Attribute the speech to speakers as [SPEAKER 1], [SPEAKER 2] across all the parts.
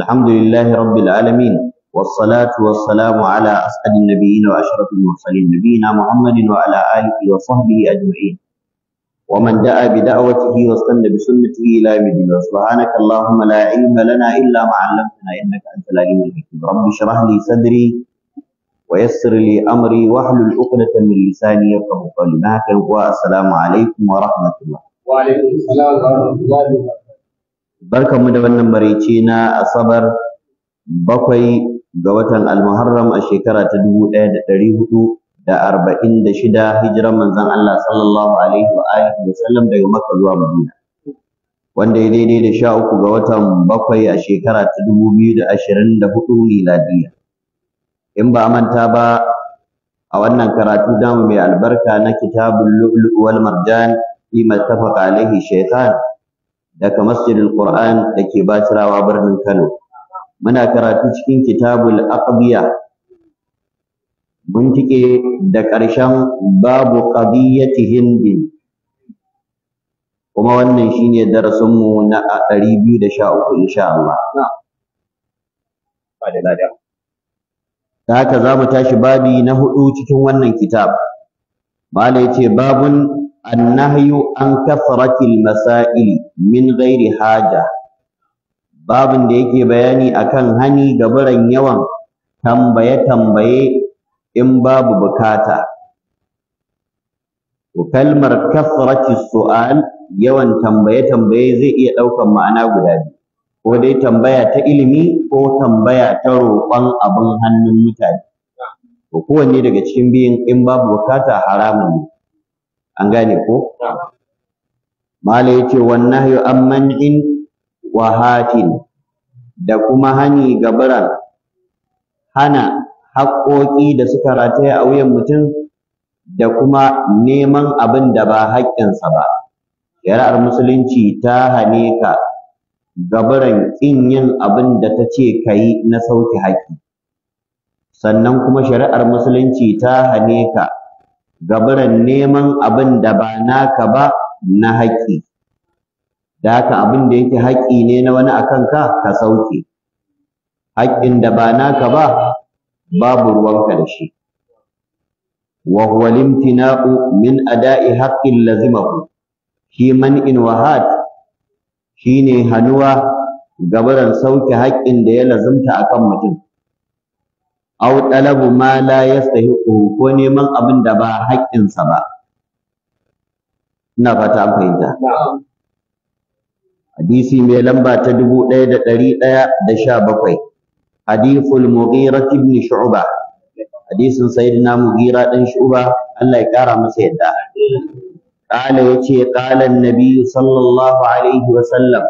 [SPEAKER 1] الحمد لله رب العالمين والصلاة والسلام على أسعد النبيين وأشرف المرسلين نبينا محمد وعلى آله وصحبه أجمعين ومن دعا بدعوته واستنى بسنته إلى يوم الدين سبحانك اللهم لا علم لنا إلا ما علمتنا إنك أنت العليم الحكيم رب اشرح لي صدري ويسر لي أمري واحلل عقدة من لساني يفقهوا قولي معك والسلام عليكم ورحمة الله
[SPEAKER 2] وعليكم السلام ورحمة الله وبركاته
[SPEAKER 1] mu da wannan maraice na Asabar bakwai ga watan Almuharram a shekara ta dubu ɗaya da ɗari hudu da arba'in da shida hijiran manzon Allah sallallahu
[SPEAKER 2] alaihi wa alihi
[SPEAKER 1] wa sallam daga Makka zuwa Madina. Wanda ya daidai da sha uku ga watan bakwai a shekara ta dubu biyu da ashirin da hudu miladiya. In ba a manta ba a wannan karatu damu mai albarka na kitabun lu'lu'u wal marjan fi mattafaqa alaihi shaytan daga Masjidil Qur'an da ke basirawa birnin Kano. Muna karatu cikin Kitabul Aqbiya. Mun tike da ƙarshen babu qadiyati hindi Kuma wannan shine darasin mu na 213 insha Allah. Ta haka za mu tashi babi na hudu cikin wannan kitab. Mala ya ce babun النهي عن كثرة المسائل من غير حاجة babin da yake bayani akan hani ga barin yawan tambaye in babu bukata kalmar kasrati su'al yawan tambaye zai iya ɗaukar ma'ana guda biyu ko dai tambaya ta ilimi ko tambaya ta roƙon abin hannun mutane to kowanne daga cikin biyun in babu bukata haramun ne an gane ko mala yace wan nahyu an man'in wa hatin da kuma hani gabara hana haƙoƙi da suka rataya a wuyan mutum da kuma neman abin da ba haƙƙinsa ba shari'ar musulunci ta hane ka gabaran ƙin yin abin da ta ce ka yi na sauke haƙƙi sannan kuma shari'ar musulunci ta hane ka gabaran neman abin da ba naka ba na haƙƙi da haka abin da yake haƙƙi ne na wani akan ka ka sauke haƙƙin da ba naka ba babu ruwan da shi wa huwa limtina'u min ada'i haqqin lazimahu shi in wahat shine hanuwa gabaran sauke haƙƙin da ya lazumta akan mutum aw talabu ma la yastahiqu ko neman abin da ba haƙƙinsa ba ina fata an fahimta hadisi mai lamba ta dubu ɗaya da ɗari ɗaya da sha bakwai hadithul mughira ibn shu'ba hadisin sayyidina mughira dan shu'ba Allah ya kara masa yadda qala yace qala annabi sallallahu alaihi wa sallam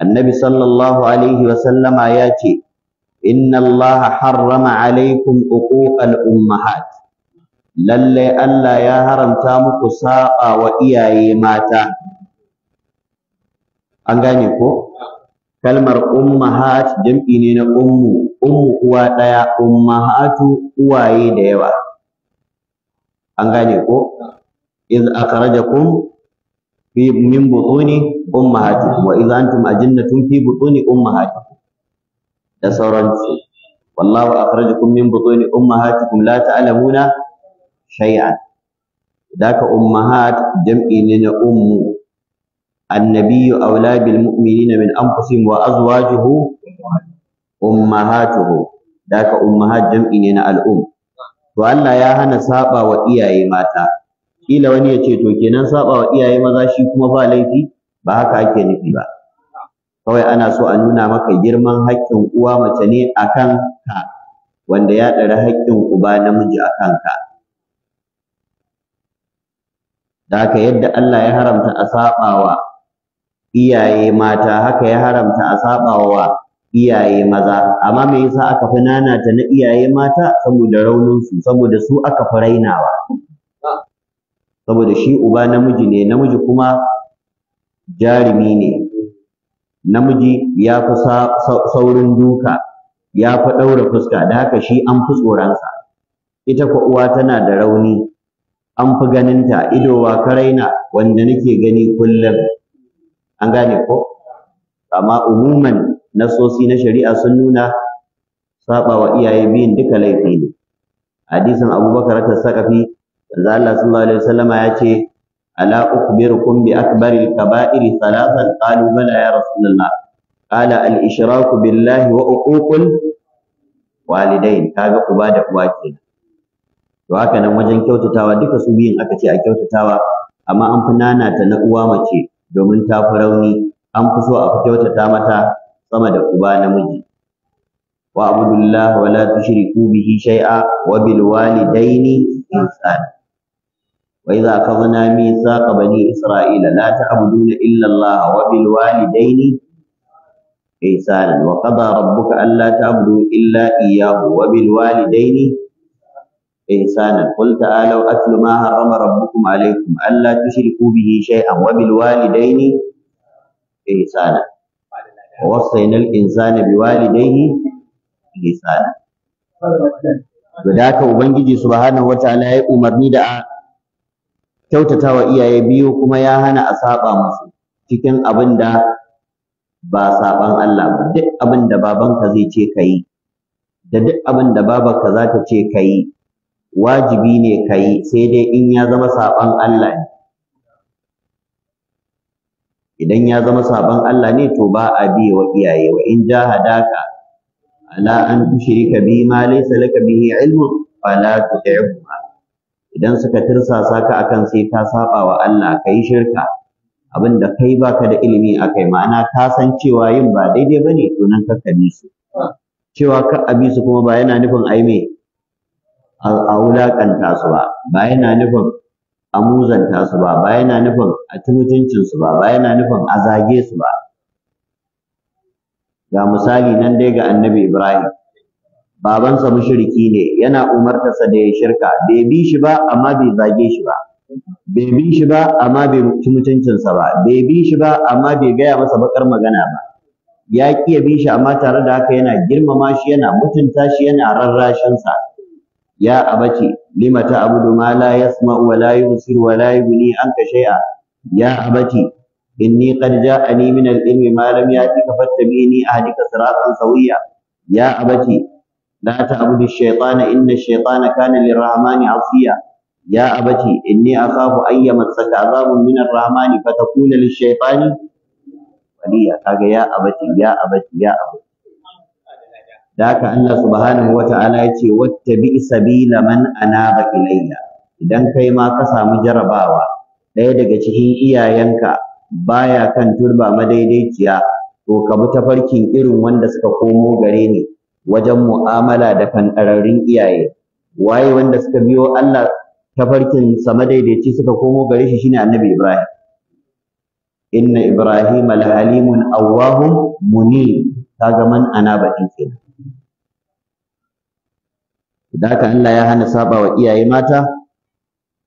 [SPEAKER 1] annabi sallallahu alaihi wa sallama yace إن الله harrama عليكم أقوق الأمهات lalle Allah ya haramta muku saba wa iyaye mata an gane ko kalmar ummahat jam'i ne na ummu ummu uwa daya ummahatu uwaye da yawa an gane ko iz akhrajakum fi min butuni ummahatikum wa iz antum ajinnatun fi butuni ummahatikum da sauransu wallahu akhrajakum min butuni ummahatikum la ta'lamuna shay'an daka ummahat jam'i ne na ummu النبي أولى بالمؤمنين من أنفسهم وأزواجه أمهاتهم ذاك أمهات جمعين الأم to Allah ya hana saba wa iyaye mata kila wani ya ce to kenan saba wa iyaye maza shi kuma ba laifi ba haka ake nufi ba kawai ana so a nuna maka girman haƙƙin uwa mace ne a kan ka wanda ya ɗari haƙƙin uba namiji a kanka da haka yadda Allah ya haramta a saɓawa iyaye mata haka ya haramta a saɓawa iyaye maza amma me yasa aka fi nanata na iyaye mata saboda raunin su saboda su aka fi rainawa saboda shi uba namiji ne namiji kuma jarumi ne namiji ya fi saurin duka ya fi ɗaura fuska da haka shi an fi tsoronsa ita kwa uwa tana da rauni an fi ganinta wa karaina wanda nake gani kullum an gane ko amma umuman nasosi na shari'a sun nuna saba wa iyaye biyun duka laifi ne hadisin abubakar ta sakafi Allah sallallahu alaihi wasallama ya ce ألا أخبركم بأكبر الكبائر ثلاثا قالوا بلى يا رسول الله قال الإشراك بالله وعقوق الوالدين كاغا عبادة واكين وهكذا وجن كيوتتاوا duka su biyun aka ce a kyautatawa amma an fi nanata na uwa mace domin tafi rauni an fi so a fi kyautata mata sama da uba namiji wa abudullah wa la tushriku wa bil walidaini ihsana وإذا أخذنا ميثاق بني إسرائيل لا تعبدون إلا الله وبالوالدين إحسانا وقضى ربك ألا تعبدوا إلا إياه وبالوالدين إحسانا قل تعالوا أتل ما حرم ربكم عليكم ألا تشركوا به شيئا وبالوالدين إحسانا ووصينا الإنسان بوالديه إحسانا da haka Ubangiji subhanahu wa ta'ala ya umarni da kyautatawa iyaye biyu kuma ya hana a saba musu cikin abin da ba saban Allah ba duk abin da babanka zai ce ka yi da duk abin da babanka za ta ce ka yi wajibi ne ka yi sai dai in ya zama saban Allah ne idan ya zama saban Allah ne to ba a biye wa iyaye wa in hadaka. ala an tushrika bi ma laysa laka bihi ilmun fala tuti'huma idan suka tirsasa ka akan sai ka saba wa Allah ka yi shirka abinda da kai baka da ilimi akai ma'ana ka san cewa yin ba daidai bane to nan ka kabi su cewa ka abi su kuma ba yana nufin ai me a wulaƙanta su ba ba yana nufin a muzanta ba ba yana nufin a ci su ba ba yana nufin a zage su ba ga misali nan dai ga annabi Ibrahim babansa mushriki ne yana umartarsa da ya shirka bai bi shi ba amma bai zage shi ba bai bi shi ba amma bai mutuncinsa ba bai bi shi ba amma bai gaya masa bakar magana ba ya ki ya bi shi amma tare da haka yana girmama shi yana mutunta shi yana rarrashinsa ya abaci lima ta'budu ma la yasma'u wa la yubsiru wa la yughni anka shay'a ya abati inni qad ja'ani min al-ilmi ma lam ya'tika fattabi'ni ahdika siratan sawiya ya abati la ta'budu ash-shaytana inna ash-shaytana kana lir-rahmani 'asiya ya abati inni akhafu an yamassaka 'adhabun min ar-rahmani fa takuna lish-shaytani waliya kaga ya abati ya abati ya abati daka Allah subhanahu wa ta'ala yace wattabi sabila man anaba ilayya idan kai ma ka samu jarabawa ɗaya daga cikin iyayenka baya kan turba madaidaiciya to ka bi ta farkin irin wanda suka komo gare ni wajen mu'amala da fanɗararrun iyaye waye wanda suka biyo Allah tafarkin sa madaidaici suka komo gare shi shine annabi Ibrahim inna ibrahima lahalimun awwahum muni kaga man anaba din kenan idan Allah ya hana sabawa iyaye mata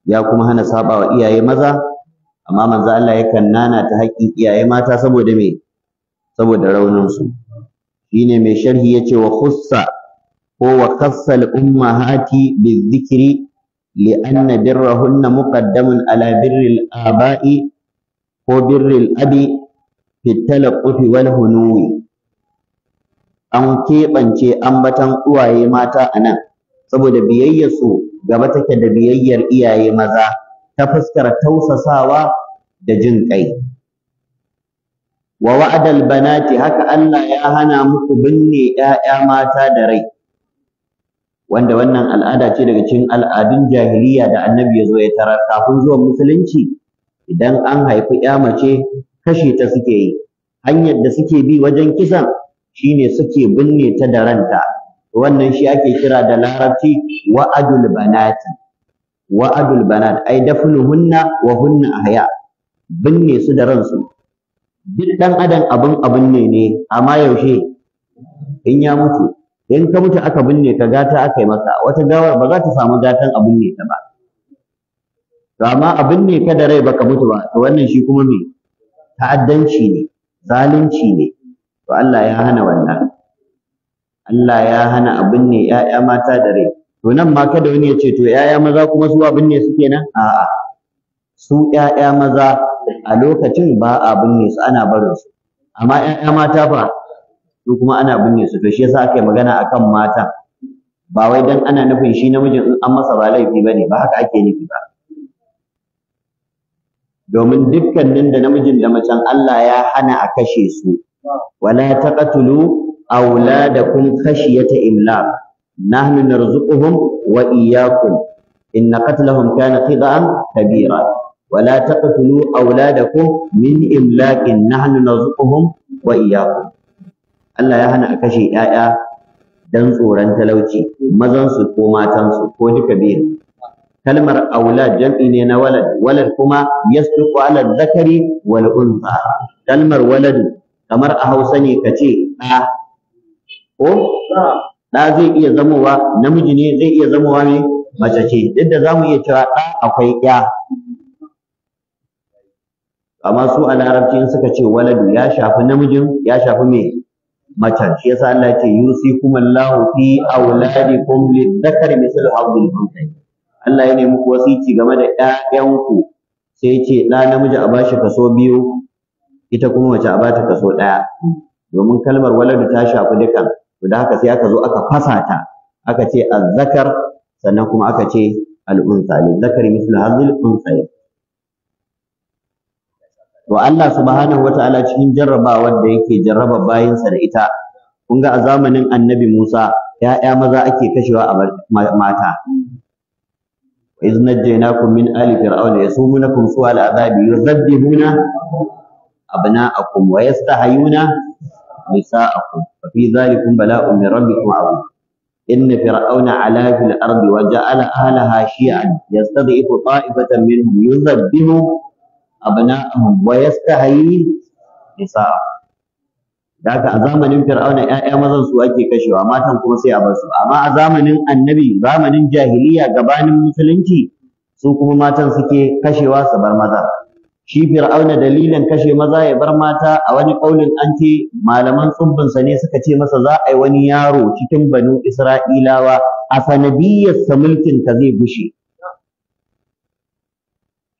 [SPEAKER 1] ya kuma hana sabawa iyaye maza amma manzo Allah yakan nana ta haƙƙin iyaye mata saboda me saboda raunin su shine mai sharhi yace wa khussa ko wa khassa al ummahati bizikri li anna birrahunna muqaddamun ala birri al aba'i ko birri al abi fi talaqqufi wal hunuwi an keɓance ambatan uwaye mata a nan saboda biyayyarsu gaba take da biyayyar iyaye maza ta fuskar tausasawa da jin ƙai wa wa'adal banati haka Allah ya hana muku binne ‘ya'ya mata da rai wanda wannan al'ada ce daga cikin al'adun jahiliya da annabi ya zo ya tarar kafin zuwan musulunci idan an haifi ‘ya mace kashe ta suke yi hanyar da suke bi wajen kisan shine suke binne ta da ranta wannan shi ake kira da larabci wa'adul banati wa'adul banat ai dafnuhunna wa hunna ahya binne su da ransu duk ɗan adam abin abin ne ne amma yaushe in ya mutu in ka mutu aka binne ka gata aka yi maka wata gawar ba za ta samu gatan abin ne ta ba to amma abin ne ka da rai baka mutu ba to wannan shi kuma me ta'addanci ne zalunci ne to Allah ya hana wannan Allah ya hana abin ne ƴaƴa mata da rai to nan ma kada wani ya ce to ƴaƴa maza kuma su abin ne suke nan a'a su ƴaƴa maza a lokacin ba a binne su ana barin su amma ƴaƴa mata fa su kuma ana binne su to shi yasa aka yi magana akan mata ba wai dan ana nufin shi namijin in an masa ba laifi bane ba haka ake nufi ba domin dukkanin da namijin da macen Allah ya hana a kashe su wala taqtulu auladakum khashyata imlaq nahnu narzuquhum wa iyyakum inna qatlahum kana khida'an kabira Wala ولا تقتلوا أولادكم من إملاق نحن نرزقهم وإياكم Allah ya hana a kashe ‘ya'ya don tsoron talauci, mazansu ko matansu ko duka biyu. Kalmar aulad jam'i ne na walad, walad kuma yasduqu ala zakari wal unsa. Kalmar waladu kamar a Hausa ne ka ce Ko? Ɗa zai iya zamowa namiji ne zai iya zamowa ne mace ce, duk da za mu iya cewa ɗa akwai ‘ya, amma su a larabci in suka ce waladu ya shafi namijin ya shafi me macen shi yasa Allah ce kuma yusikumullahu fi auladikum lidhakari mislu hawlil unthayayn Allah ya nemi wasici game da ƴaƴanku sai ce 'Da namiji a bashi kaso biyu ita kuma mace a bata kaso ɗaya domin kalmar waladu ta shafi dukan to da haka sai aka zo aka fasa ta aka ce Zakar, sannan kuma aka ce al'unsa lizzakari mislu hawlil unthayayn to Allah subhanahu wata'ala cikin jarrabawar da yake jarraba bayansa da ita Kunga a zamanin annabi Musa ya'ya maza ake kashewa a mata iznat jainakum min ali fir'auna yasumunakum su al azabi yuzabbihuna abna'akum wa yastahayuna nisa'akum fa fi dhalikum bala'un min rabbikum azim إن فرعون علا في الأرض وجعل أهلها شيعا يستضعف طائفة منهم يذبهم abna'ahum wa yastahi nisa'a da a zamanin fir'auna 'ya'ya mazan su ake kashewa matan kuma sai a bar su amma a zamanin annabi zamanin jahiliya gabanin musulunci su kuma matan suke kashewa su bar maza shi fir'auna dalilin kashe maza ya bar mata a wani ƙaunin an ce malaman tsubbinsa ne suka ce masa za a yi wani yaro cikin banu isra'ilawa a sanadiyyarsa mulkin ka zai gushe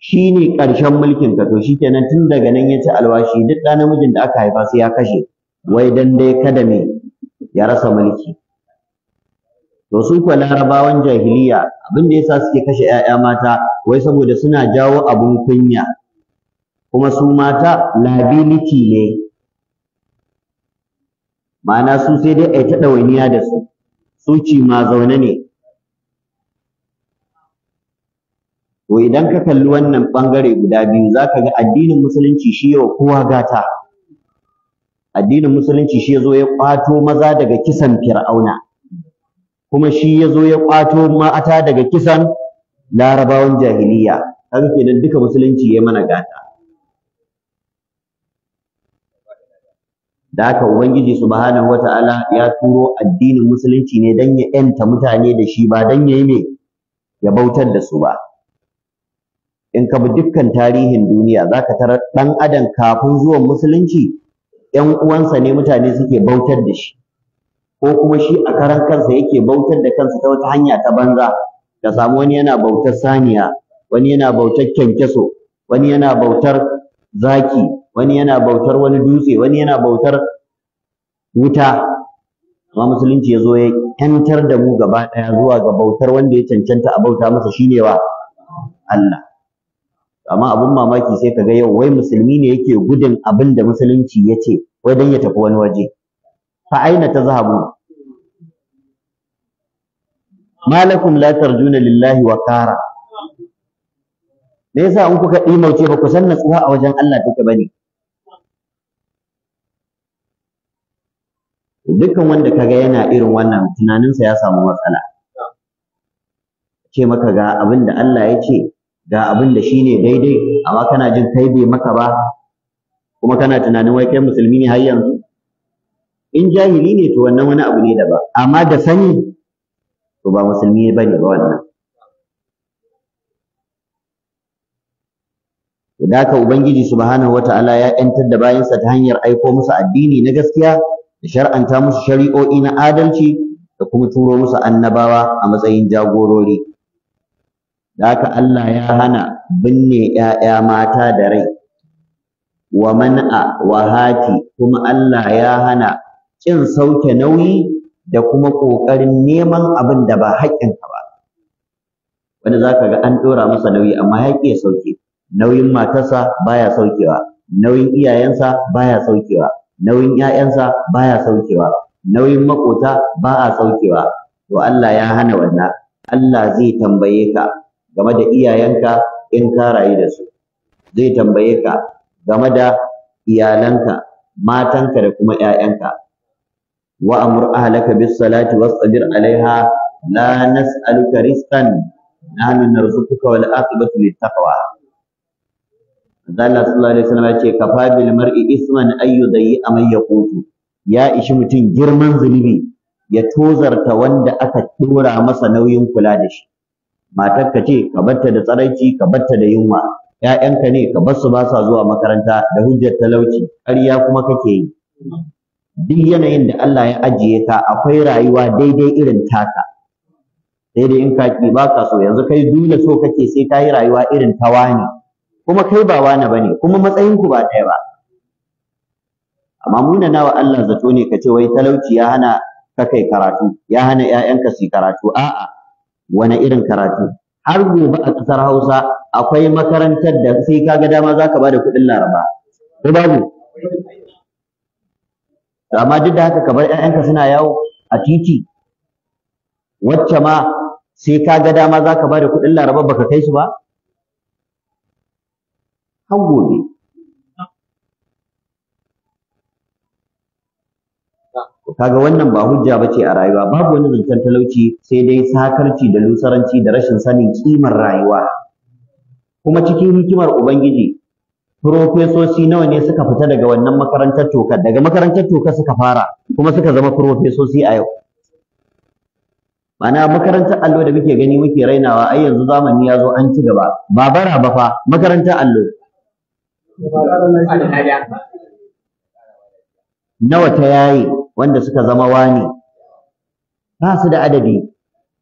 [SPEAKER 1] shi ne ƙarshen mulkin ka to shikenan tun daga nan ya ci alwashi duk ɗan namijin da aka haifa sai ya kashe wai dan dai kada me ya rasa mulki to su ko larabawan jahiliya abin da yasa suke kashe 'ya'ya mata wai saboda suna jawo abun kunya kuma su mata liability ne ma'ana su sai dai ai ta ɗawainiya da su su ci ma zaune ne To idan ka kalli wannan bangare guda biyu za ka ga addinin musulunci shi yawa kowa gata. Addinin musulunci shi ya zo ya ƙwato maza daga kisan fir'auna. Kuma shi ya zo ya ƙwato mata daga kisan larabawan jahiliya. Kaga kenan duka musulunci ya mana gata. da haka ubangiji subhanahu wataala ya turo addinin musulunci ne dan ya yanta mutane da shi ba dan yayi me ya bautar da su ba in ka bi dukkan tarihin duniya za ka tarar ɗan adam kafin zuwan musulunci ‘yan uwansa ne mutane suke bautar da shi ko kuma shi a karan kansa yake bautar da kansa ta wata hanya ta banza ka samu wani yana bautar saniya wani yana bautar kyankyaso wani yana bautar zaki wani yana bautar wani dutse wani yana bautar wuta amma musulunci ya zo ya kyantar da mu gaba ɗaya zuwa ga bautar wanda ya cancanta a bauta masa 'Shi ne wa Allah amma abin mamaki sai ka ga yau wai musulmi ne yake gudun abin da musulunci ya ce wai dan ya tafi wani waje fa aina ta zahabu. malakum la tarjuna lillahi wa kara me yasa in kuka dimauce ba ku san natsuwa a wajen Allah take bane dukkan wanda kaga yana irin wannan tunaninsa ya samu matsala ce maka ga abinda Allah ya ce ga abin da shi ne daidai amma kana jin kai bai maka ba kuma kana tunanin wai kai musulmi ne har yanzu in jahili ne to wannan wani abu ne da ba, amma da sani to ba musulmi ba ne ba wannan da haka ubangiji subhanahu wata'ala ya yantar da bayansa ta hanyar aiko musu addini na gaskiya da shar'anta musu shari'o'i na adalci da kuma turo musu annabawa a matsayin jagorori haka Allah ya hana binne ‘ya'ya mata da rai wa man'a wa hati kuma Allah ya hana ƙin sauke nauyi da kuma ƙoƙarin neman abin da ba ka ba wani za ka ga an ɗora masa nauyi amma ya ya sauke nauyin matarsa baya saukewa nauyin iyayensa baya saukewa nauyin ‘ya'yansa baya saukewa nauyin maƙota ba a saukewa to Allah ya hana wannan Allah zai tambaye ka game da iyayenka in ka rayu da su zai tambaye ka game da iyalanka matanka da kuma ƴaƴanka wa amur ahlaka bis salati wasbir alaiha la nas'aluka rizqan nahnu narzuquka wal aqibatu lit taqwa Allah sallallahu alaihi wasallam ya ce kafa mar'i isman ayyu dayyi man yaqutu ya ishi mutum girman zunubi ya tozarta wanda aka tura masa nauyin kula da shi
[SPEAKER 2] matar ka ce ka batta da tsaraici ka batta da yunwa ƴaƴanka ne ka bar su ba sa zuwa makaranta da hujjar talauci ƙarya kuma kake
[SPEAKER 1] yi duk yanayin da Allah ya ajiye ka akwai rayuwa daidai irin taka sai dai in ka ki ba ka so yanzu kai dole so kake sai ka yi rayuwa irin ta wani kuma kai ba wani bane kuma matsayin ku ba ɗaya ba amma muna nawa Allah zato ne ka ce wai talauci ya hana ka kai karatu ya hana ƴaƴanka su karatu a'a wani irin karatu har gobe a ƙasar Hausa akwai makarantar da sai ka ga dama za ka ba da kuɗin laraba ko babu amma duk da haka ka bar ƴaƴanka suna yawo a titi wacce ma sai ka ga dama za ka ba da kuɗin laraba baka kai su ba har gobe kaga wannan ba hujja ba ce a rayuwa babu wani zancen talauci sai dai sakarci da lusaranci da rashin sanin kimar rayuwa kuma cikin hikimar ubangiji Furofesoshi nawa ne suka fita daga wannan makarantar toka daga makarantar toka suka fara kuma suka zama furofesoshi a yau ma'ana makarantar allo da muke gani muke rainawa ai yanzu zamani ya zo an ci gaba ba bara ba fa makarantar allo nawa ta yaye wanda suka zama wani ba su da adadi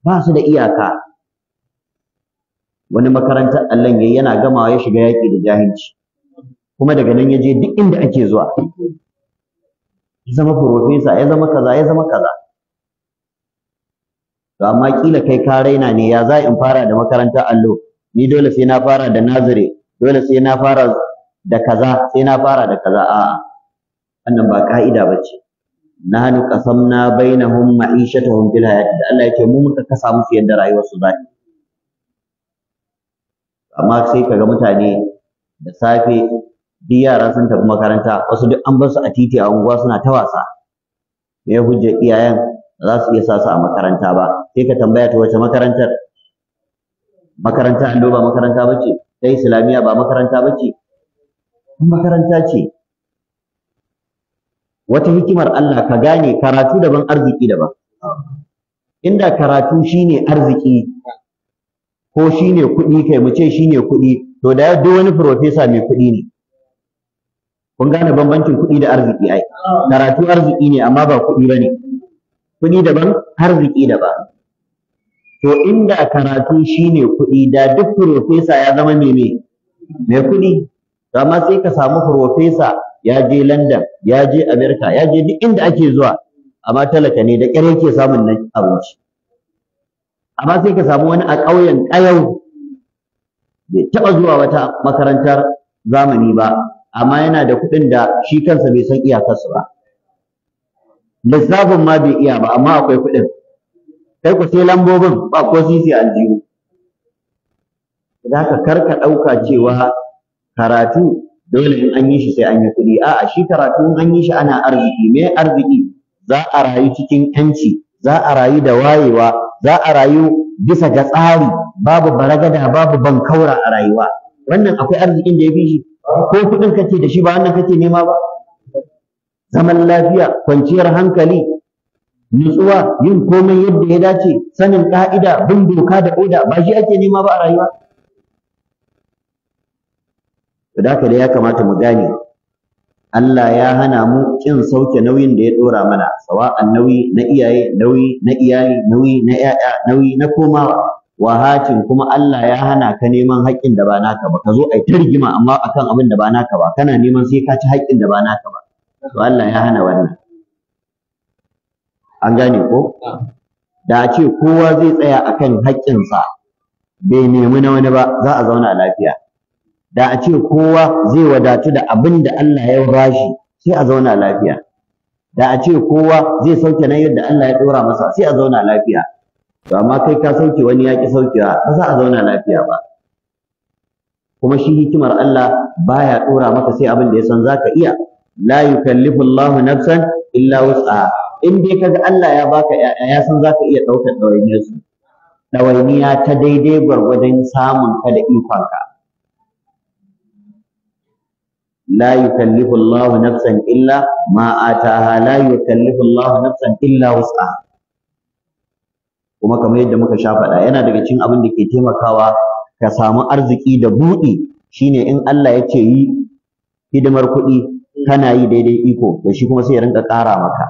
[SPEAKER 1] ba su da iyaka wani makarantar Allah yayi yana gamawa ya shiga yaƙi da jahilci kuma daga nan ya je duk inda ake zuwa ya zama profesa ya zama kaza ya zama kaza to amma kila kai ka raina ne ya za in fara da makarantar allo ni dole sai na fara da nazare dole sai na fara da kaza sai na fara da kaza a'a wannan ba ka'ida ba ce nahnu qasamna bainahum ma'ishatuhum bil hayati da Allah yake mu muka kasa musu yadda rayuwar su zai amma sai kaga mutane da safe duk yara sun tafi makaranta wasu duk an bar su a titi a unguwa suna ta wasa me ya hujjar iyayen za su iya sa su a makaranta ba sai ka tambaya ta wace makarantar makaranta allo ba makaranta bace Sai islamiyya ba makaranta bace makaranta ce wata hikimar Allah ka gane karatu daban arziki daban inda karatu shine arziki ko shine kuɗi kai mu ce shine kuɗi to da duk wani professor mai kuɗi ne kun gane bambancin kuɗi da arziki ai karatu arziki ne amma ba kuɗi bane kuɗi daban arziki daban to inda karatu shine kuɗi da duk professor ya zama mai mai kuɗi amma sai ka samu professor ya je London ya je America ya je duk inda ake zuwa amma talaka ne da ƙyar yake samun nan abinci amma sai ka samu wani a ƙauyen ƙayau bai taɓa zuwa wata makarantar zamani ba amma yana da kuɗin da shi kansa bai san iyakarsu ba lissafin ma bai iya ba amma akwai kuɗin kai ku sai lambobin ba ko sisi aljihu da haka kar ka ɗauka cewa karatu dole in an yi shi sai an yi kuɗi a'a shi karatu in an yi shi ana arziki me arziki za a rayu cikin yanci za a rayu da wayewa za a rayu bisa ga tsari babu baragada babu bankaura a rayuwa wannan akwai arzikin da ya fi shi ko kuɗin kake da shi ba wannan kake nema ba zaman lafiya kwanciyar hankali nutsuwa yin komai yadda ya dace sanin ka'ida bin doka da oda ba shi ake nema ba a rayuwa to da da ya kamata mu gane Allah ya hana mu kin sauke nauyin da ya dora mana sawa'an nauyi na iyaye nauyi na iyali nauyi na yaya, nauyi na komawa wahatin kuma Allah ya hana ka neman haƙƙin da ba naka ba ka zo ai ta rigima amma akan abin da ba naka ba kana neman sai ka ci haƙƙin da ba naka ba to Allah ya hana wannan an gane ko da a ce kowa zai tsaya akan haƙƙinsa bai nemi na wani ba za a zauna lafiya da a ce kowa zai wadatu da abin da Allah ya bashi sai a zauna lafiya da a ce kowa zai sauke na yadda Allah ya ɗora masa sai a zauna lafiya to amma kai ka sauke wani ya ƙi saukewa ba za a zauna lafiya
[SPEAKER 2] ba kuma shi hikimar Allah baya ɗora maka sai abin da ya san zaka iya la yukallifu Allah nafsan illa wus'a in
[SPEAKER 1] dai kaga Allah ya baka ya, ya san zaka iya ɗaukar ɗawainiyar su ɗawainiya ta daidai gwargwadon samun ka da ikonka la yukallifu Allahu nafsan illa ma ataha la yukallifu Allahu nafsan illa wus'aha kuma kamar yadda muka sha faɗa yana daga cikin abin da ke taimakawa ka samu arziki da buɗi shine in Allah ya ce yi hidimar kuɗi kana yi daidai iko da shi kuma sai ya rinka ƙara maka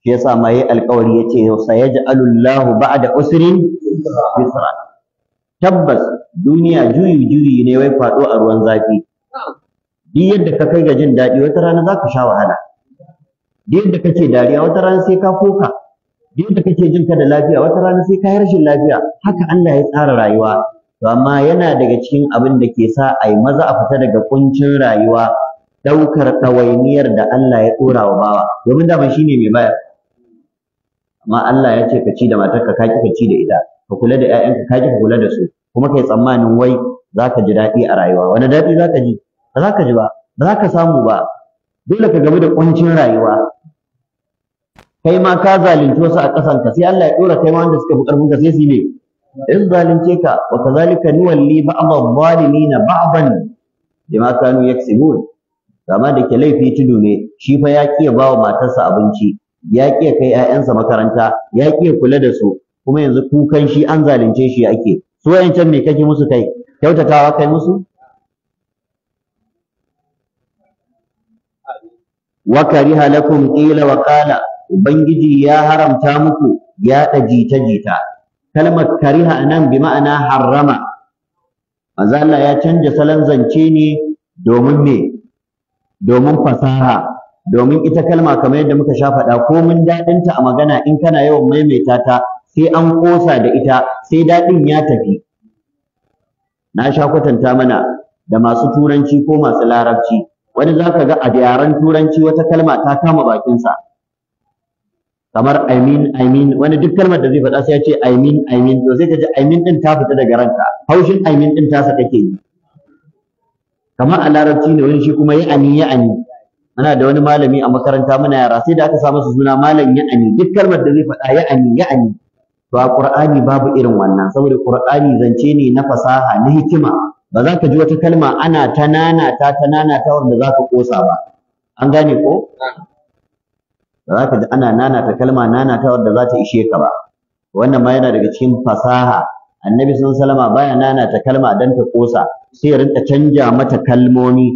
[SPEAKER 1] shi yasa ma yayi alƙawari yace sayaj'alu Allahu ba'da usrin yusra tabbas duniya juyi juyi ne wai faɗo a ruwan zafi duk yadda ka kai ga jin daɗi wata rana za ka sha wahala duk yadda kake dariya wata rana sai ka koka duk yadda kake jin ka da lafiya wata rana sai ka yi rashin lafiya haka Allah ya tsara rayuwa to amma yana daga cikin abin da ke sa a yi maza a fita daga kuncin rayuwa ɗaukar ɗawainiyar da Allah ya ɗora wa bawa domin dama shi ne mai bayar amma Allah ya ce ka ci da matarka ka ki ka ci da ita ka kula da 'ya'yanka ka ki ka kula da su kuma kai tsammanin wai za ka ji daɗi a rayuwa wani daɗi za ka ji ba za ka ji ba ba za ka samu ba dole ka gamu da ƙuncin rayuwa kai ma ka zalunci wasu a kasan ka sai Allah ya ɗora kai ma wanda suka fi ƙarfin ka sai su ne in zalunce ka wa kazalika nuwalli ba'd na baban. da ma kanu yaksibun kama da ke laifi tudu ne shi fa ya ƙi ba wa matarsa abinci ya ƙi kai 'ya'yansa makaranta ya ƙi kula da su kuma yanzu kukan shi an zalunce shi ake su wayancan me kake musu kai kyautatawa kai musu wa kariha lakum qila wa qala ubangiji ya haramta muku ya jita jita kalmar kariha anan bi ma'ana harrama manzo ya canja salon zance ne domin me domin fasaha domin ita kalma kamar yadda muka sha faɗa komin daɗinta a magana in kana yawan maimaita ta sai an ƙosa da ita sai daɗin ya tafi na sha kwatanta mana da masu turanci ko masu larabci wani za ka ga a yaren turanci wata kalma ta kama bakinsa kamar I mean I mean wani duk kalmar da zai faɗa sai ya ce I mean I mean to sai ka ji I mean din ta fita daga ranka haushin I mean din tasa kake yi kamar a larabci ne wani shi kuma yi ani yi ani muna da wani malami a makaranta muna yara sai da aka sa masa suna malam yi ani duk kalmar da zai faɗa yi ani yi ani ba Qur'ani babu irin wannan saboda Qur'ani zance ne na fasaha na hikima ba za ka ji wata kalma ana ta nana ta ta nana ta wanda za ka kosa ba an gane ko ba za ka ji ana nana ta kalma nana ta wanda za ta ishe ka ba wannan ma yana daga cikin fasaha annabi sun salama baya nana ta kalma dan ta kosa sai ya rinka canja mata kalmomi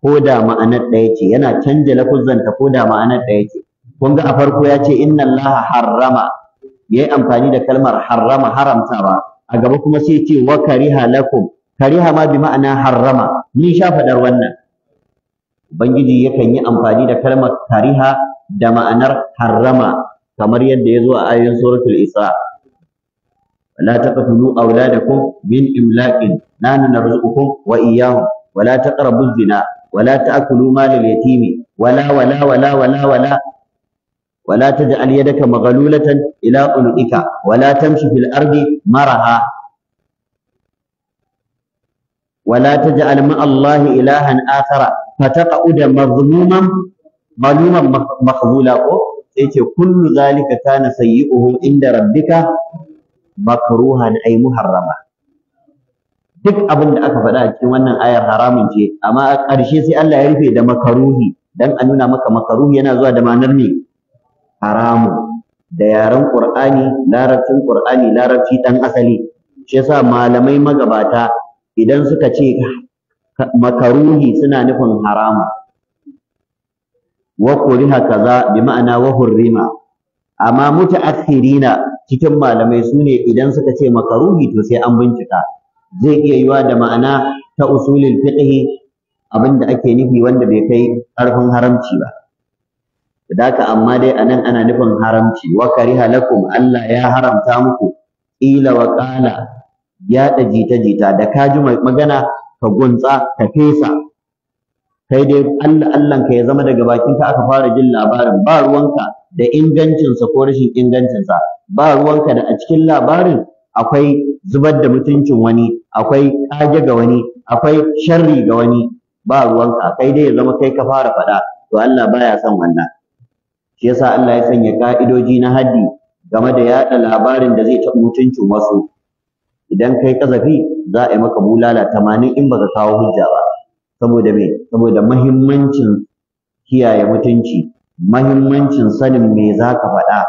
[SPEAKER 1] ko da ma'anar ɗaya ce yana canja lafuzzanta ko da ma'anar ɗaya ce kun ga a farko ya ce inna allaha harrama yayi amfani da kalmar harrama haramtawa a gaba kuma sai ce wa kariha lakum kariha ma bi ma'ana harrama ni sha fadar wannan ubangiji yakan yi amfani da kalmar kariha da ma'anar harrama kamar yadda ya zo a ayoyin suratul isra
[SPEAKER 3] la taqtulu awladakum min imlaqin nahnu narzuqukum wa iyyahum wa la zina
[SPEAKER 1] wala la ta'kulu mal al-yatimi wala wala wala wala wala ولا تجعل يدك مغلولة إلى عنقك ولا تمشي في الأرض مرها ولا تجعل مع الله إلها آخر فتقعد مظلوما مظلوما مخذولا yace kullu zalika kana sayyi'uhu inda rabbika makruhan ay muharrama duk abin da aka faɗa a cikin wannan ayar haramun ce amma a ƙarshe sai Allah ya rufe da makaruhi dan a nuna maka makaruhi yana zuwa da ma'anar ne haramun da yaren Qur'ani larabcin Qur'ani larabci ɗan asali shi yasa malamai magabata idan suka ce makaruhi suna nufin haramun.
[SPEAKER 3] wa kuriha kaza bi ma'ana wa hurrima
[SPEAKER 1] amma mutaakhirina cikin malamai sune idan suka ce makaruhi to sai an bincika zai iya yiwa da ma'ana ta usulil fiqh abinda ake nufi wanda bai kai ƙarfin haramci ba da haka amma dai anan ana nufin haramci wa kariha lakum Allah ya haramta muku ila wa qala ya da jita jita da ka ji magana ka guntsa ka fesa kai dai Allah Allah ka ya zama daga bakin ka aka fara jin labarin ba ruwanka da ingancinsa ko rashin ingancinsa ba ruwanka da a cikin labarin akwai zubar da mutuncin wani akwai kage ga wani akwai sharri ga wani ba ruwanka kai dai ya zama kai ka fara faɗa to Allah baya son wannan shi yasa Allah ya sanya ka'idoji na haddi game da yada labarin da zai taɓa mutuncin wasu idan kai kazafi za a yi maka bulala tamanin in baka kawo hujja ba saboda me saboda mahimmancin kiyaye mutunci mahimmancin sanin me za ka faɗa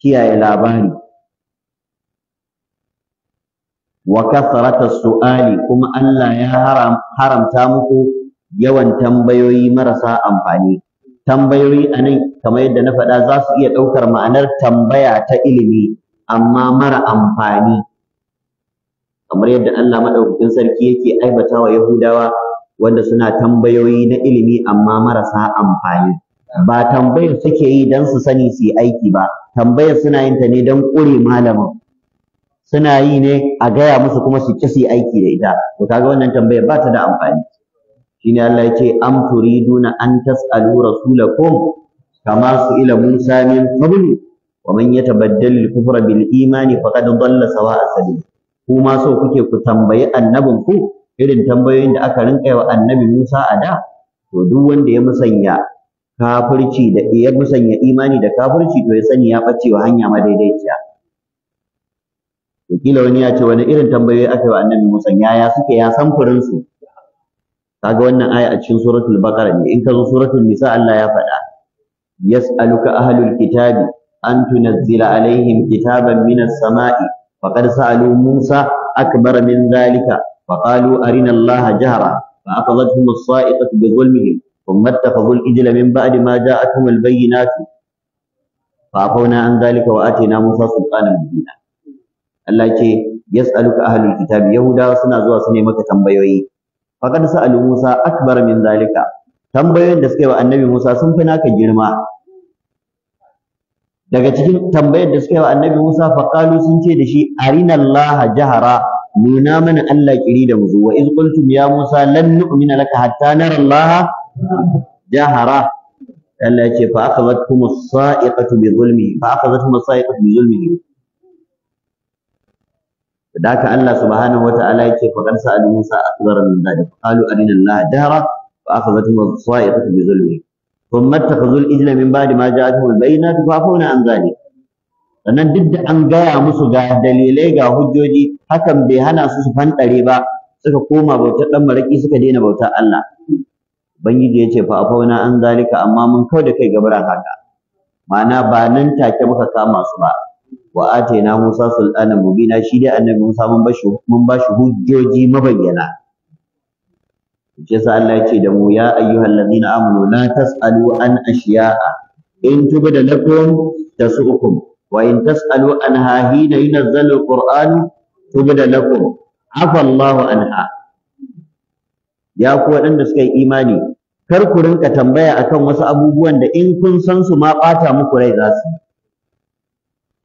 [SPEAKER 1] kiyaye labari
[SPEAKER 3] wa kasrata su'ali kuma Allah ya haramta muku
[SPEAKER 1] yawan tambayoyi marasa amfani tambayoyi a nan kamar yadda na faɗa za su iya ɗaukar ma'anar tambaya ta ilimi amma mara amfani kamar yadda Allah maɗaukakin sarki yake aibata wa Yahudawa wanda suna tambayoyi na ilimi amma marasa amfani ba tambayar suke yi don su sani su yi aiki ba tambayar suna yin ta ne don ƙure malamin suna yi ne a gaya musu kuma su ƙi su yi aiki da ita to kaga wannan tambayar ba ta da amfani shine Allah yake am turiduna an tas'alu rasulakum kama ila Musa min qablu wa man yatabaddal al-kufra bil imani faqad dalla sawa'a sabil ku ma so kuke ku tambayi annabin ku irin tambayoyin da aka rinka yawa annabi Musa a da to duk wanda ya musanya kafirci da ya musanya imani da kafirci to ya sani ya bace wa hanya madaidaiciya to kila wani ya ce wani irin tambayoyi aka yi wa annabi Musa ya suke ya samfurin su Ka ga wannan aya a cikin suratul baqara ne in ka zo suratul nisa Allah ya faɗa yas'aluka ahlul kitabi an tunazzila alaihim kitaban minas sama'i faqad sa'alu musa akbar min dhalika faqalu arina Allah jahra fa aqadhatuhum as-sa'iqatu bi dhulmihim thumma ittakhadhu al-ijla min ba'di ma ja'atuhum al-bayyinatu fa afawna an dhalika wa atina musa sultanan mubina Allah yake yas'aluka ahlul kitabi yahudawa suna zuwa su ne maka tambayoyi faqad sa'alu Musa akbar min zalika tambayoyin da suka yi wa annabi Musa sun fi naka girma daga cikin tambayar da suka yi wa annabi Musa faqalu sun ce da shi arinallaha jahara nuna mana Allah kiri da muzu wa iz qultum ya Musa lan nu'mina laka hatta nara Allah jahara Allah ya ce fa akhadhatkum as-sa'iqatu bi zulmi fa akhadhatkum as-sa'iqatu bi zulmi da haka Allah subhanahu wataala yake faɗar sa al Musa akbar min dhalik qalu arina Allah dahra fa akhadhatuhum sa'iqatu bi zulmi thumma ittakhadhu ijla min ba'di ma ja'atuhum al bayyinatu fa afawna an dhalik sannan duk da an gaya musu ga dalilai ga hujjoji hakan bai hana su su fanɗare ba suka koma bautar dan maraki suka daina bautar Allah ubangiji yace fa afawna an zalika amma mun kauda kai gabaran haka ma'ana ba nan take muka kama su ba wa ataina Musa sultanan mubina shi dai annabi Musa mun bashi mun bashi hujjoji mabayyana shi yasa Allah ya da mu ya ayyuhallazina amanu la tasalu an ashiya'a in tubda lakum tasukum wa in tasalu anha hina yunazzalu alquran tubda lakum afa Allahu anha ya ku waɗanda suka yi imani kar ku rinka tambaya akan wasu abubuwan da in kun san su ma ɓata muku rai za su yi.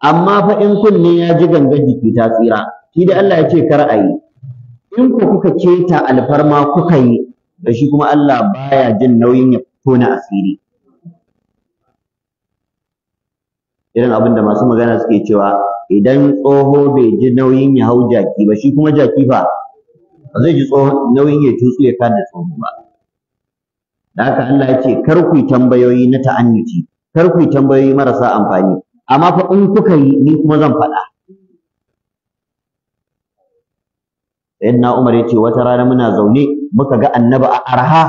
[SPEAKER 1] amma fa in kunne ya ji ganga jiki ta tsira shi da Allah ya ce kar a in ku kuka keta alfarma kuka yi da shi kuma Allah baya jin nauyin ya fito na asiri irin abin masu magana suke cewa idan tsoho bai ji nauyin ya hau jaki ba shi kuma jaki fa ba zai ji nauyin ya tutsu ya kada tsoho ba da haka Allah ya ce kar ku tambayoyi na ta'annuci kar ku tambayoyi marasa amfani amma fa in kuka yi ni kuma zan faɗa Inna Umar yace wata rana muna zaune muka ga annabi a arha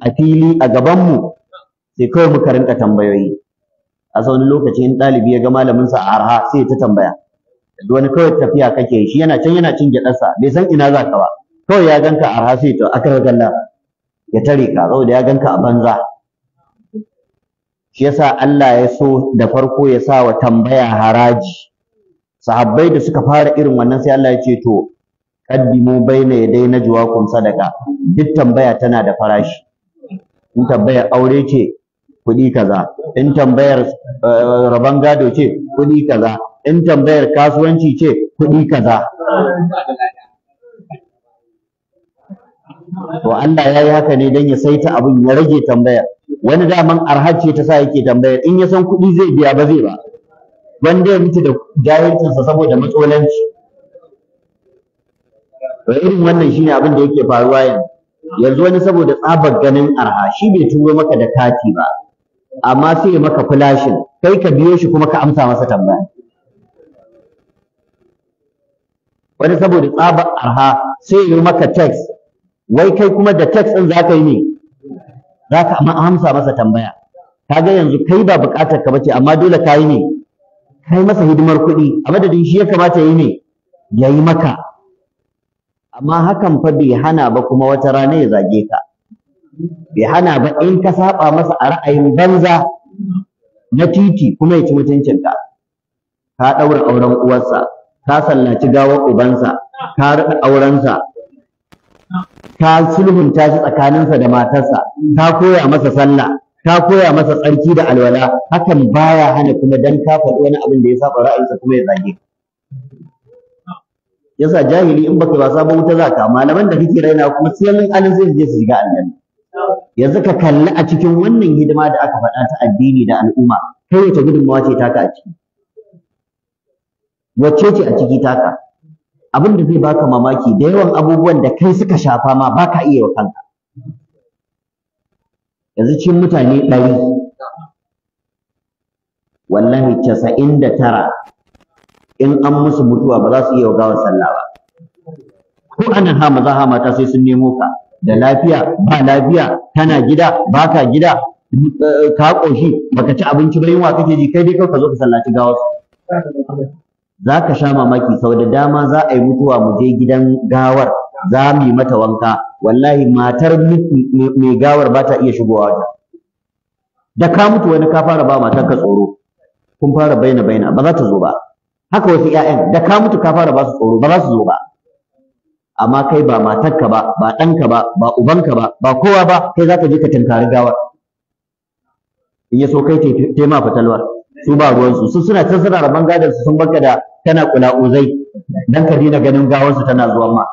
[SPEAKER 1] a fili a gabanmu sai kawai muka rinka tambayoyi a wani lokaci in ɗalibi ya ga malaminsa a arha sai ta tambaya wani kawai tafiya kake shi yana can yana cin gyaɗarsa bai san ina za ka ba kawai ya ganka a arha sai to akar galla ya tare ka saboda ya ganka a banza shi yasa Allah ya so da farko ya sa wa tambaya haraji sahabbai da suka fara irin wannan sai Allah ya ce to qaddimu baina yaday najwaakum sadaka duk tambaya tana da farashi in tambayar aure ce kuɗi kaza in tambayar eh, rabon gado ce kuɗi kaza in tambayar kasuwanci ce kuɗi kaza to Allah ya yi haka ne don ya saita abin ya rage tambayar wani daman arhaji ce ta sa yake tambayar in ya san kuɗi zai biya ba zai ba wanda ya mutu da jahilcinsa saboda matsalanci to irin wannan shine abin da yake faruwa yanzu yanzu wani saboda tsabar ganin arha shi bai turo maka da kati ba amma sai maka flashin kai ka biyo shi kuma ka amsa masa tambaya wani saboda tsabar arha sai yi maka text wai kai kuma da text ɗin za ka yi ne za ka amsa masa tambaya Ka ga yanzu kai ba buƙatar ka bace amma dole ka yi ne kai masa hidimar kuɗi a madadin shi ya kamata yi ne ya yi maka amma hakan fa bai hana ba kuma wata rana ya zage ka bai hana ba in ka saba masa a ra'ayin banza na titi kuma ya ci mutuncin ka Ka ɗaura auren uwarsa ka sallaci gawar ubansa ka raɗa aurensa ta sulhunta shi tsakaninsa da matarsa ta koya masa sallah ta koya masa tsarki da alwala hakan baya hana kuma dan ka faɗi wani abin da ya saba ra'ayinsa kuma ya zage yasa jahili in baka wasa ba wuta zaka malaman da kake raina kuma sai mun alin je su shiga aljanna yanzu ka kalli a cikin wannan hidima da aka faɗa ta addini da al'umma kai wace gudunmawa ce taka a ciki wacce ce a ciki taka abin da zai baka mamaki da yawan abubuwan da kai suka shafa ma baka iya wa kanka yanzu cikin mutane ɗari wallahi casa'in da tara in an musu mutuwa ba za su iya wa gawar sallah ba ko ana ha maza ha mata sai sun nemo ka da lafiya ba lafiya tana gida baka gida ka ƙoshi baka ci abinci ba yunwa kake ji kai dai kawai ka zo ka sallaci gawar za ka sha mamaki sau da dama za a yi mutuwa mu je gidan gawar za mu yi mata wanka wallahi matar mai gawar ba ta iya shigowa ta da ka mutu wani ka fara ba matar ka tsoro kun fara baina baina ba za ta zo ba haka wasu ƴaƴan da ka mutu ka fara ba su tsoro ba za su zo ba amma kai ba matarka ba ba ɗanka ba ba ubanka ba ba kowa ba kai za ka je ka tinkari gawar in ya so kai taimaka fatalwar su ba ruwansu su suna can suna rabon su sun baka da kana kula uzai dan ka dina ganin su tana zuwa ma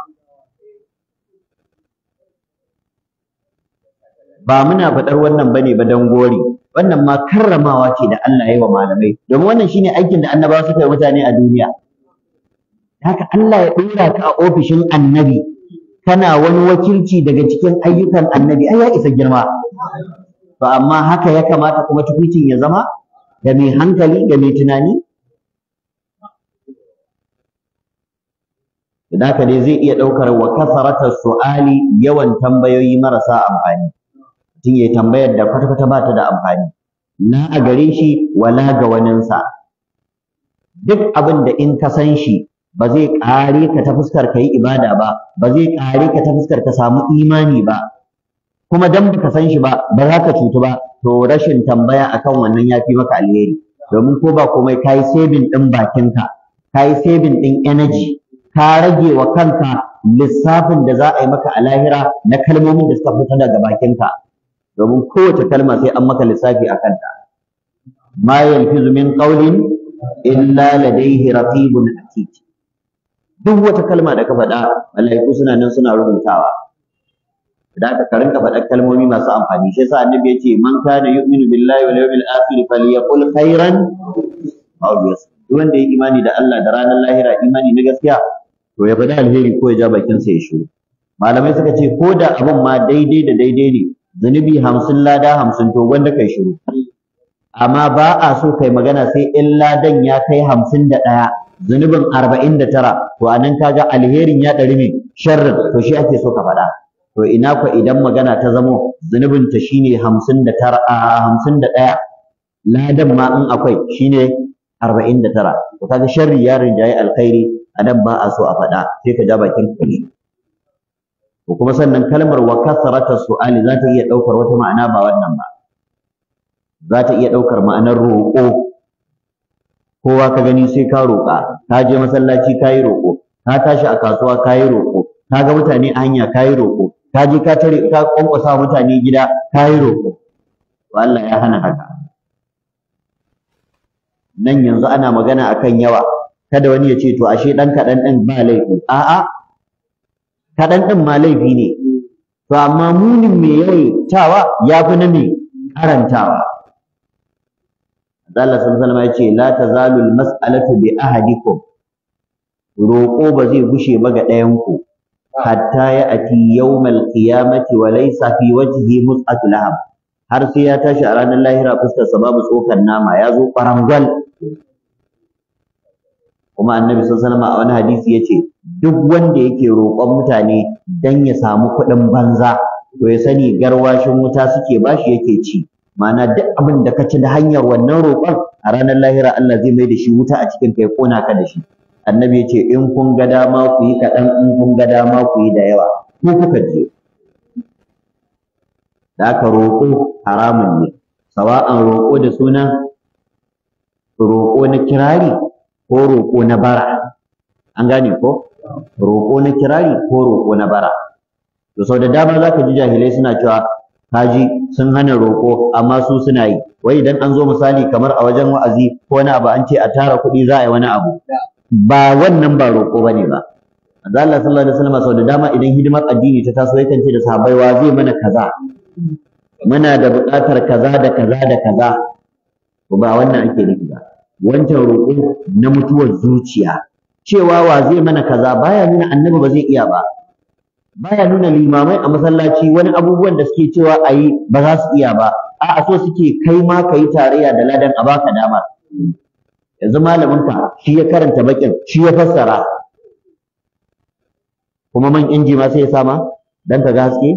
[SPEAKER 1] ba muna faɗar wannan bane ba dan gori wannan ma karramawa ce da Allah ya yi wa malamai domin wannan shine aikin da annabawa suka yi mutane a duniya haka Allah ya dora ka a ofishin annabi kana wani wakilci daga cikin ayyukan annabi ai ya isa girma ba amma haka ya kamata kuma tukuicin ya zama ga mai hankali ga mai tunani da haka dai zai iya ɗaukar wa kasarata su'ali yawan tambayoyi marasa amfani mutum ya tambayar da kwata-kwata ba ta da amfani na a gare shi wala ga waninsa duk abin da in ka san shi ba zai ƙare ka ta fuskar ka yi ibada ba ba zai ƙare ka ta fuskar ka samu imani ba kuma dan baka san shi ba ba za ka cutu ba to rashin tambaya akan wannan ya fi maka alheri domin ko ba komai ka yi saving ɗin bakinka ka yi saving ɗin energy ka rage wa kanka lissafin da za a yi maka a lahira na kalmomin da suka fita daga bakinka domin kowace kalma sai an maka lissafi a kanta ma yalfizu min qawlin illa ladayhi raqibun atid duk wata kalma da ka faɗa mala'iku suna nan suna rubutawa da ka karanta ka kalmomi masu amfani shi yasa annabi ya ce man kana yu'minu billahi wal yawmil akhir falyaqul khairan aw yasmut duk wanda ya imani da Allah da ranar lahira imani na gaskiya to ya faɗi alheri ko ya ja bakin sa ya shiru malamai suka ce ko da abun ma daidai da daidai ne zunubi hamsin lada hamsin to wanda kai shiru amma ba a so kai magana sai in ladan ya kai hamsin da ɗaya zunubin arba'in da tara to a anan kaga alherin ya ɗari ne sharrin to shi ake so ka faɗa to ina ku idan magana ta zamo zunubin ta shine 59 51 ladan ma in akwai shine 49 to kaga sharri ya rinjaye alkhairi adan ba a so a faɗa sai ka ja bakin ka ne ko kuma sannan kalmar wa kasarata su'ali za ta iya ɗaukar wata ma'ana ba wannan ba za ta iya ɗaukar ma'anar roƙo kowa ka gani sai ka roƙa ka je masallaci ka yi roƙo ka tashi a kasuwa ka yi roƙo ka ga mutane a hanya ka yi roƙo Kaji je ka tare ka kwankwasa mutane gida ka yi roƙo to Allah ya hana haka nan yanzu ana magana akan yawa kada wani ya ce to ashe dan kaɗan ɗin ba laifi a'a kaɗan ɗin ma laifi ne to amma munin mai tawa ya fi na mai karantawa Allah sun salama ya ce la tazalul mas'alatu bi ahadikum roƙo ba zai gushe ba ga ɗayanku hatta ya ati yawmal qiyamati wa laysa fi wajhi a laham har sai ya tashi a ranar lahira fuskar sa babu tsokar nama ya zo ƙwarangwal. kuma annabi sallallahu alaihi a wani hadisi yace duk wanda yake roƙon mutane dan ya samu kuɗin banza to ya sani garwashin wuta suke bashi yake ci Mana duk abin da ka ci da hanyar wannan roƙon a ranar lahira Allah zai mai da shi wuta a cikin kai kona ka da shi annabi ya ce in kun ga dama ku yi kaɗan in kun ga dama ku yi da yawa ku kuka je da aka roƙo haramun ne sawa'an roƙo da sunan roƙo na kirari ko roƙo na bara an gane ko roƙo na kirari ko roƙo na bara to sau da dama za ka ji jahilai suna cewa kaji sun hana roƙo amma su suna yi wai idan an zo misali kamar a wajen wa'azi ko wani abu an ce a tara kuɗi za a yi wani abu ba wannan ba roƙo bane ba manzo Allah sallallahu alaihi wasallam sau da dama idan hidimar addini ta taso yakan ce da sahabbai wa zai mana kaza muna da buƙatar kaza da kaza da kaza Ko ba wannan ake nufi ba wancan roƙo na mutuwar zuciya cewa wa zai mana kaza baya nuna annabi ba zai iya ba baya nuna limamai a masallaci wani abubuwan da suke cewa ayi ba za su iya ba a'a so suke kai ma kayi tarayya da ladan a baka dama yanzu malamin fa shi ya karanta bakin shi ya fassara kuma man inji ma sai ya sama dan ka ga haske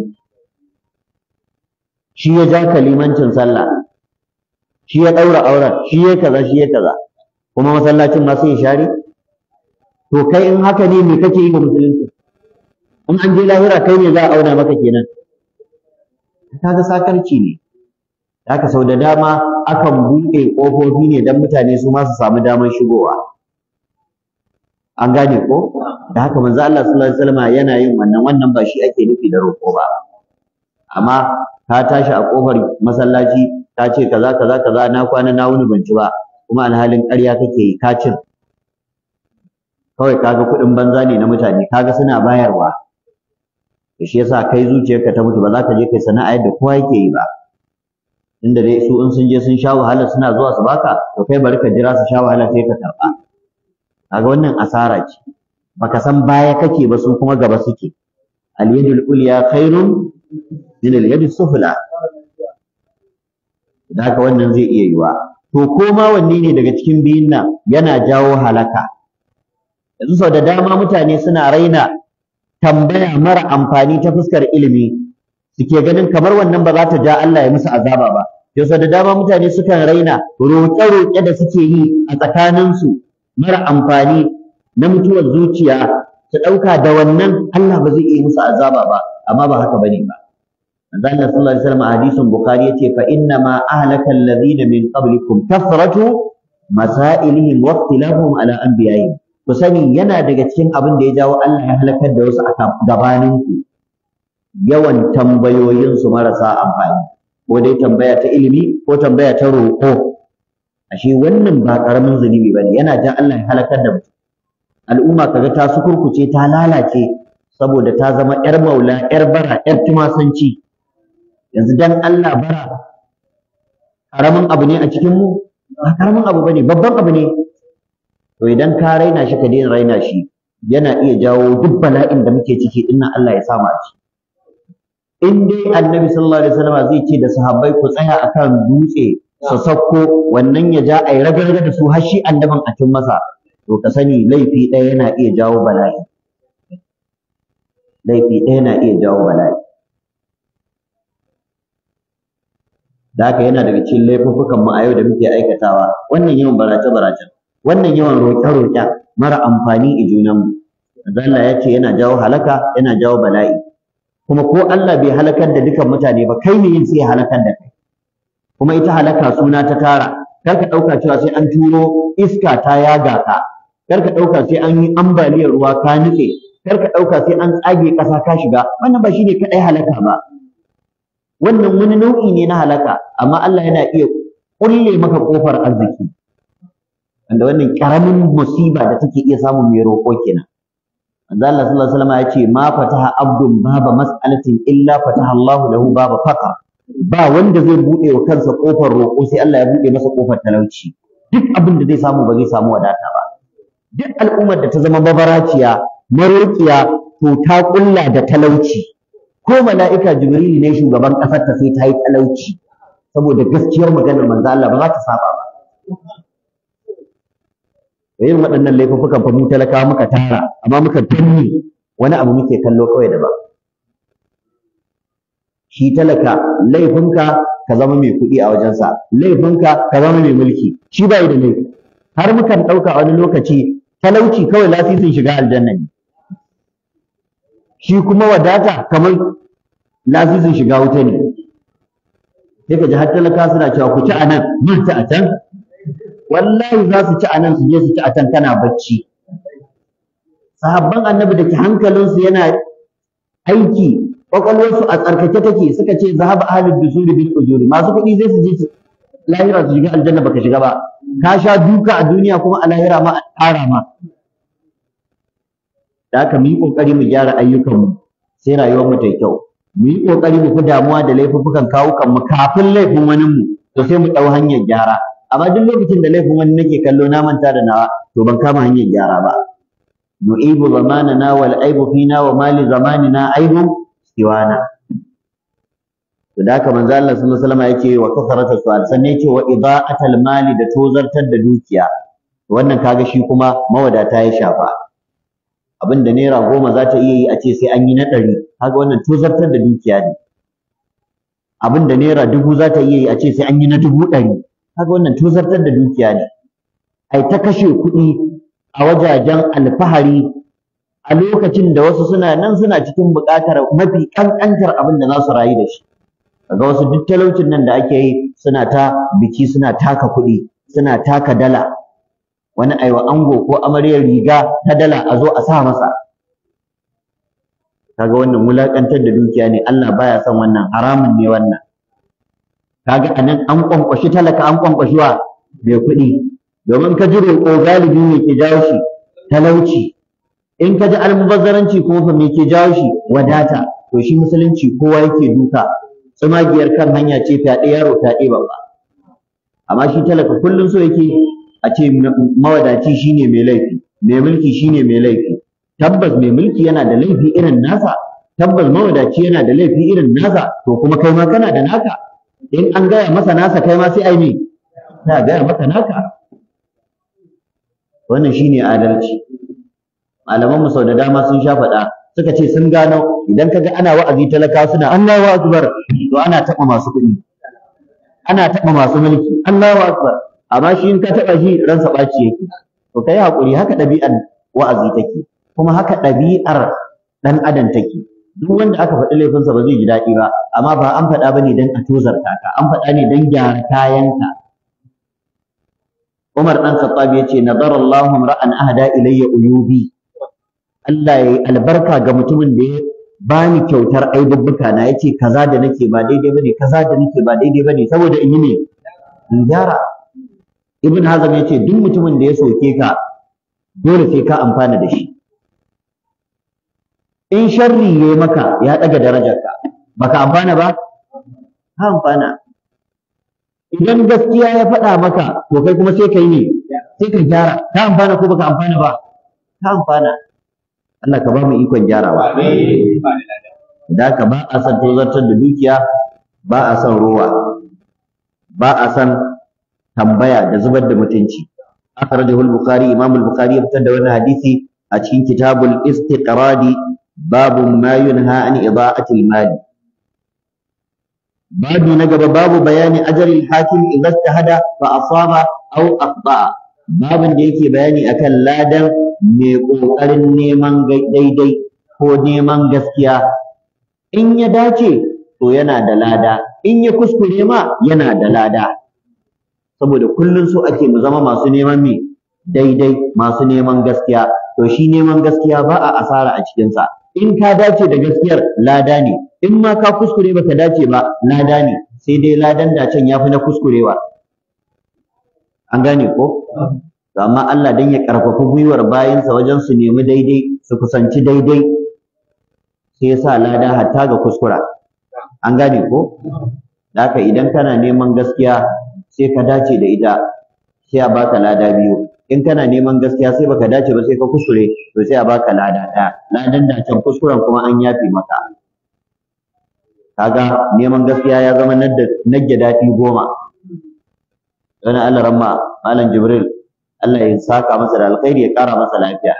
[SPEAKER 1] shi ya ja kalimancin sallah shi ya daura auren shi ya kaza shi ya kaza kuma masallacin ma sai ya share to kai in haka ne me kake yi ga musulunci in an je lahira kai ne za a auna maka kenan kaga sakarci ne haka sau da dama akan buɗe ƙofofi ne don mutane su ma su samu damar shigowa an gane ko da haka manzo Allah sallallahu alaihi wasallam yana yin wannan wannan ba shi ake nufi da roƙo ba amma ka tashi a ƙofar masallaci ka ce kaza kaza kaza na kwana na wuni ban ci ba kuma alhalin ƙarya kake yi ka cin kawai kaga kuɗin banza ne na mutane kaga suna bayarwa shi yasa kai zuciyarka ta mutu ba za ka je kai sana'a yadda kowa yake yi ba inda dai su in sun je sun sha wahala suna zuwa su baka to kai bari ka jira su sha wahala sai ka karba kaga wannan asara ce baka san baya kake ba su kuma gaba suke al yadul ulya khairun min al yadis sufla da ka wannan zai iya yiwa to koma wanne ne daga cikin biyun nan yana jawo halaka yanzu sau da dama mutane suna raina tambaya mara amfani ta fuskar ilimi suke ganin kamar wannan ba za ta ja Allah ya musu azaba ba yasa da dama mutane sukan raina roƙe-roƙe da suke yi a tsakaninsu mara amfani na mutuwar zuciya su ɗauka da wannan Allah ba zai iya musu azaba ba amma ba haka bane ba manzo Allah sallallahu alaihi wasallam a hadisin bukhari yace fa inna ma ahlaka alladhina min qablikum kathratu masailihim wa ikhtilafuhum ala anbiya'ihim ku sani yana daga cikin abin da ya jawo Allah ya halakar da wasu a gabaninku yawan tambayoyinsu marasa amfani ko dai tambaya ta ilimi ko tambaya ta roƙo ashe wannan ba ƙaramin zunubi ba ne yana jan Allah ya halakar da mutum al'umma kaga ta sukurkuce ta lalace saboda ta zama ‘yar maula ‘yar bara ‘yar tumasanci yanzu dan Allah bara ƙaramin abu ne a cikin mu ba ƙaramin abu bane babban abu ne to idan ka raina shi ka daina raina shi yana iya jawo duk bala'in da muke ciki inna Allah ya sa mu a ciki in dai annabi sallallahu alaihi wasallam zai ce da sahabbai ku tsaya akan dutse su sakko wannan ya ja a yi ragarga da su har shi annaban a cin masa to ka sani laifi ɗaya yana iya jawo bala'i laifi ɗaya yana iya jawo bala'i da haka yana daga cikin laifuffukan mu a yau da muke aikatawa wannan yawan barace barace wannan yawan roƙe roƙe mara amfani a mu. Allah ya ce yana jawo halaka yana jawo bala'i kuma ko Allah bai halakar da dukan mutane ba kai ne yin sai halakar da kai kuma ita halaka suna ta tara kar ka ɗauka cewa sai an turo iska ta yaga ka kar ka ɗauka sai an yi ambaliyar ruwa ka nutse kar ka ɗauka sai an tsage ƙasa ka shiga wannan ba shine kaɗai halaka ba wannan wani nau'i ne na halaka amma Allah yana iya kulle maka kofar arziki wanda wannan ƙaramin musiba da take iya samun mai ko kina. Allah sallallahu alaihi wasallam ya ce ma fataha abdun baba mas'alatin illa fataha Allahu lahu baba faqa ba wanda zai bude wa kansa kofar roƙo sai Allah ya bude masa kofar talauci duk abin da zai samu ba zai samu wadata ba duk al'ummar da ta zama babaraciya maroƙiya to ta kulla da talauci ko mala'ika jibril ne shugaban ƙasar ta sai ta yi talauci saboda gaskiyar maganar manzo Allah ba za ta saba ba Yin waɗannan laifukan fa mu talaka, muka tara amma muka danne wani abu muke kallo kawai da ba shi talaka laifinka ka zama mai kuɗi a wajensa laifinka ka zama mai mulki shi bai da laifi har mukan ɗauka wani lokaci talauci kawai lasisin shiga aljanna ne shi kuma wadata kamar lasisin shiga wuta ne sai ka ji har talaka suna cewa ku ci a nan mun ci a can wallahi za su ci a nan su je su ci a can kana bacci sahabban annabi da ke hankalinsu yana aiki kwakwalwarsu a tsarkake take suka ce zahaba ahlud da bin ujuri masu kuɗi zai su je su lahira su shiga aljanna baka shiga ba ka sha duka a duniya kuma a lahira ma a ƙara ma da haka mu yi ƙoƙari mu gyara ayyukanmu sai rayuwar mu ta yi kyau mu yi ƙoƙari mu fi damuwa da laifuffukan kawukan mu kafin laifin wani mu to sai mu ɗau hanyar gyara amma duk lokacin da laifin wani nake kallo na manta da nawa to ban kama hanyar gyara ba nu'ibu na wal aibu fina wa mali zamani na aibu siwana to da haka manzo Allah sallallahu alaihi wasallam yake wa kasarata su'al sanne yake wa ida'atal mali da tozartar da dukiya wannan kaga shi kuma mawadata ya shafa abin da naira goma za ta iya yi a ce sai an yi na ɗari kaga wannan tozartar da dukiya ne abin da naira dubu za ta iya yi a ce sai an yi na dubu ɗari kaga wannan tozartar da dukiya ne ai ta kashe kuɗi a wajajen alfahari a lokacin da wasu suna nan suna cikin buƙatar mafi ƙanƙantar abin da za su rayu da shi kaga wasu duk talaucin nan da ake yi suna ta biki suna taka kuɗi suna taka dala wani aiwa ango ko amaryar riga ta dala a zo a sa masa kaga wannan wulaƙantar da dukiya ne Allah baya son wannan haramun ne wannan kaga anan an kwankwashi talaka an kwankwashi wa mai kuɗi domin ka jire ko galibi ne ke jawo shi talauci in ka ji almubazzaranci ko fa me ke jawo shi wadata to shi musulunci kowa yake duka tsumagiyar kan hanya ce fyaɗe yaro ta fyaɗe babba amma shi talaka kullum so yake a ce mawadaci shine mai laifi mai mulki shine mai laifi tabbas mai mulki yana da laifi irin nasa tabbas mawadaci yana da laifi irin nasa to kuma kai ma kana da naka in an gaya masa nasa kai ma sai ai na gaya masa naka wannan shine adalci malaman mu sau da dama sun sha faɗa suka ce sun gano idan kaga ana wa'azi talaka suna Allahu akbar to ana taɓa masu kuɗi ana taɓa masu mulki Allahu akbar amma shi in ka taɓa shi ransa ɓaci yake to kai hakuri haka dabi'an wa'azi take kuma haka ɗabi'ar ɗan adam take duk wanda aka faɗi laifinsa ba zai ji daɗi ba amma ba an faɗa ba ne don a tozarta ka an faɗa ne don gyara kayanka Umar ɗan Khattab ya ce nadara Allahu ra'an ahada ilayya uyubi Allah ya yi albarka ga mutumin da ya bani kyautar aibubbuka na Ya ce kaza da nake ba daidai ba ne, kaza da nake ba daidai ba ne, saboda in yi ne in gyara Ibn Hazm ce, duk mutumin da ya soke ka dole sai ka amfana da shi in sharri ya maka ya ɗaga darajarka baka amfana ba ka amfana idan gaskiya ya faɗa maka to kai kuma sai ka yi ne sai ka gyara ka amfana ko baka amfana ba ka amfana Allah ka ba mu ikon gyarawa da ka ba a san tozartar da dukiya ba a san ruwa, ba a san tambaya da zubar da mutunci akhrajahu al-bukhari imam al-bukhari ya fitar da wannan hadisi a cikin kitabul istiqradi babu ma yunha an ida'atil mali babu na gaba babu bayani ajaril hakim idza istahada fa asaba aw akhta babin da yake bayani akan ladan mai kokarin neman daidai ko neman gaskiya in ya dace to yana da lada in ya kuskure ma yana da lada saboda kullun so ake mu zama masu neman me daidai masu neman gaskiya to shi neman gaskiya ba a asara a cikinsa in ka dace da gaskiyar lada ne in ma ka kuskure baka dace ba lada ne sai dai ladan dacen yafi na kuskurewa an gane ko to amma Allah dan ya karfafa gwiwar bayinsa wajen su nemi daidai su kusanci daidai sai ya sa lada hatta ga kuskura an gane ko
[SPEAKER 3] haka idan kana neman gaskiya sai ka dace da ita sai a baka lada biyu in kana neman gaskiya sai baka dace ba sai ka kusure to sai a baka
[SPEAKER 1] lada ɗaya ladan da can kuskuren kuma an yafi maka kaga neman gaskiya ya zama nagge daɗi goma dan Allah ramma malam Jibril Allah ya saka masa da alkhairi ya ƙara masa lafiya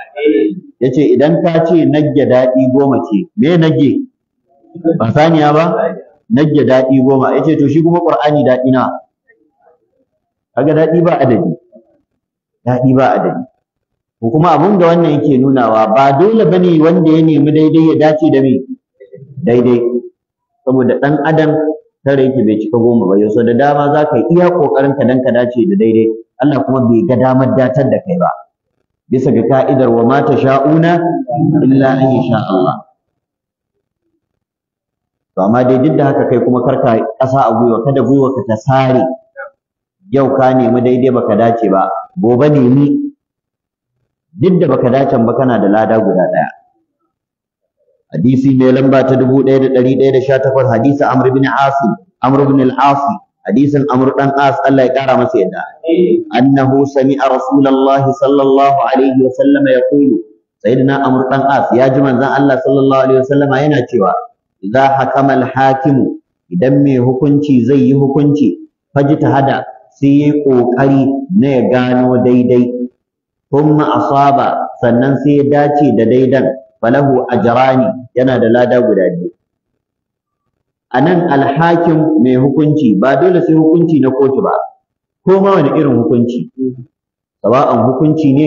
[SPEAKER 1] yace idan ka ce nagge daɗi goma ce me nagge ba saniya ba nagge daɗi goma yace to shi kuma Qur'ani daɗi na kaga daɗi ba adadi daɗi ba a adadi ko kuma abun da wannan yake nunawa ba dole bane wanda ya nemi daidai ya dace da me daidai saboda ɗan adam tare yake bai cika goma ba yau da dama za ka iya ƙoƙarin ka dan ka dace da daidai Allah kuma bai ga damar datar da kai ba bisa ga ka'idar wa ma sha'una illa an sha Allah to amma dai duk da haka kai kuma karka ƙasa a gwiwa kada gwiwa ka ta sare yau ka nemi daidai baka dace ba gobe ni duk da baka dace ba kana da lada guda ɗaya hadisi mai lamba ta dubu ɗaya da ɗaya da sha takwas hadisi amr ibn asi amr ibn al asi hadisi amr dan as Allah ya kara masa yadda annahu sami'a rasulullahi sallallahu alaihi wa sallama yaqulu sayyidina amr dan as ya ji manzon Allah sallallahu alaihi wa sallama yana cewa idza hakama al-hakimu idan mai hukunci zai yi hukunci hada. sai ya yi ƙoƙari na ya gano daidai kuma asaba sannan sai ya dace da daidan falahu ajrani yana da lada guda biyu anan alhakin mai hukunci ba dole sai hukunci na kotu ba ko ma wani irin hukunci sawa'an hukunci ne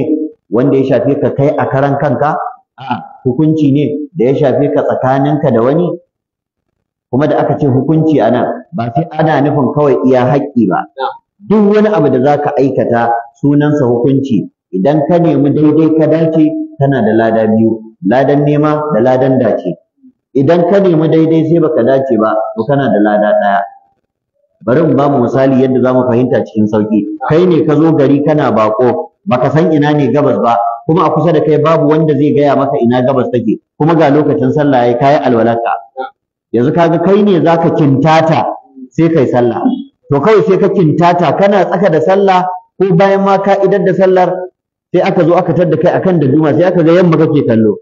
[SPEAKER 1] wanda ya shafe ka kai a karan kanka a hukunci ne da ya shafe ka tsakaninka da wani kuma da aka ce hukunci a nan, ba sai ana nufin kawai iya haƙƙi ba duk wani abu da za ka aikata sunansa hukunci idan ka nemi daidai ka dace kana da lada biyu ladan nema da ladan dace idan ka nemi daidai sai baka dace ba to kana da lada ɗaya bari mu bamu misali yadda zamu fahimta cikin sauki kai ne ka zo gari kana bako baka san ina ne gabas ba kuma a kusa da kai babu wanda zai gaya maka ina gabas take kuma ga lokacin sallah yayi kayi alwalaka yanzu kaga kai ne zaka kintata sai kai sallah to kawai sai ka kintata kana tsaka da sallah ko bayan ma ka idar da sallar sai aka zo aka tar da kai akan da juma sai aka ga yamma kake kallo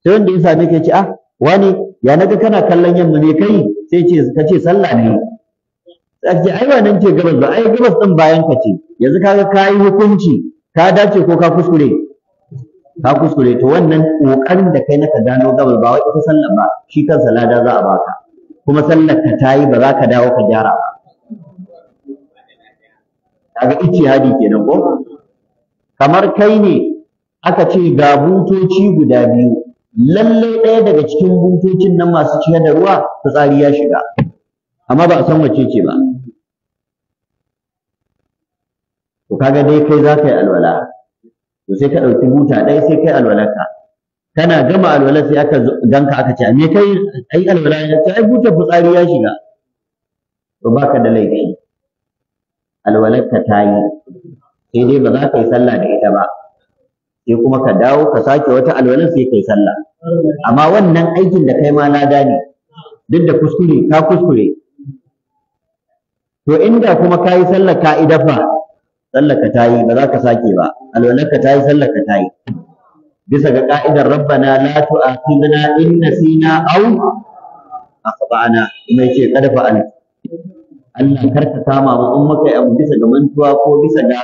[SPEAKER 1] sai wanda ya same ka ce ah wani ya naga kana kallon yamma ne kai sai ce ka ce sallah ne sai ce ai wannan ce gabas ba ai gabas din bayan ka ce yanzu kaga kayi hukunci ka dace ko ka kuskure ka kuskure to wannan kokarin da kai naka gano gabas ba wai ita sallar ba shi kansa lada za a baka kuma sallar ka tayi ba za ka dawo ka gyara ba kaga ijtihadi kenan ko kamar kai ne aka ce ga butoci guda biyu Lalle ɗaya daga cikin butocin nan masu cike da ruwa fitsari ya shiga amma ba a san wace ce ba to kaga dai kai za ka yi alwala to sai ka ɗauki buta ɗaya sai kai alwalarka kana gama alwala sai aka ganka aka ce me kai ai alwala ya ce ai butar fitsari ya shiga to baka da laifi alwalarka ta yi sai dai ba za ka yi sallah da ita ba sai kuma ka dawo ka sake wata alwalar sai ka yi sallah amma wannan aikin da kai ma lada ne duk da kuskure ka kuskure to inda kuma ka yi sallah ka idafa Sallah ka ta yi ba za ka sake ba alwalar ka ta yi sallah ka ta yi bisa ga ka'idar rabbana la tu'akhidna in nasina aw akhtana kuma yace kada fa'alna Allah karka kama mu in muka abu bisa ga mantuwa ko bisa ga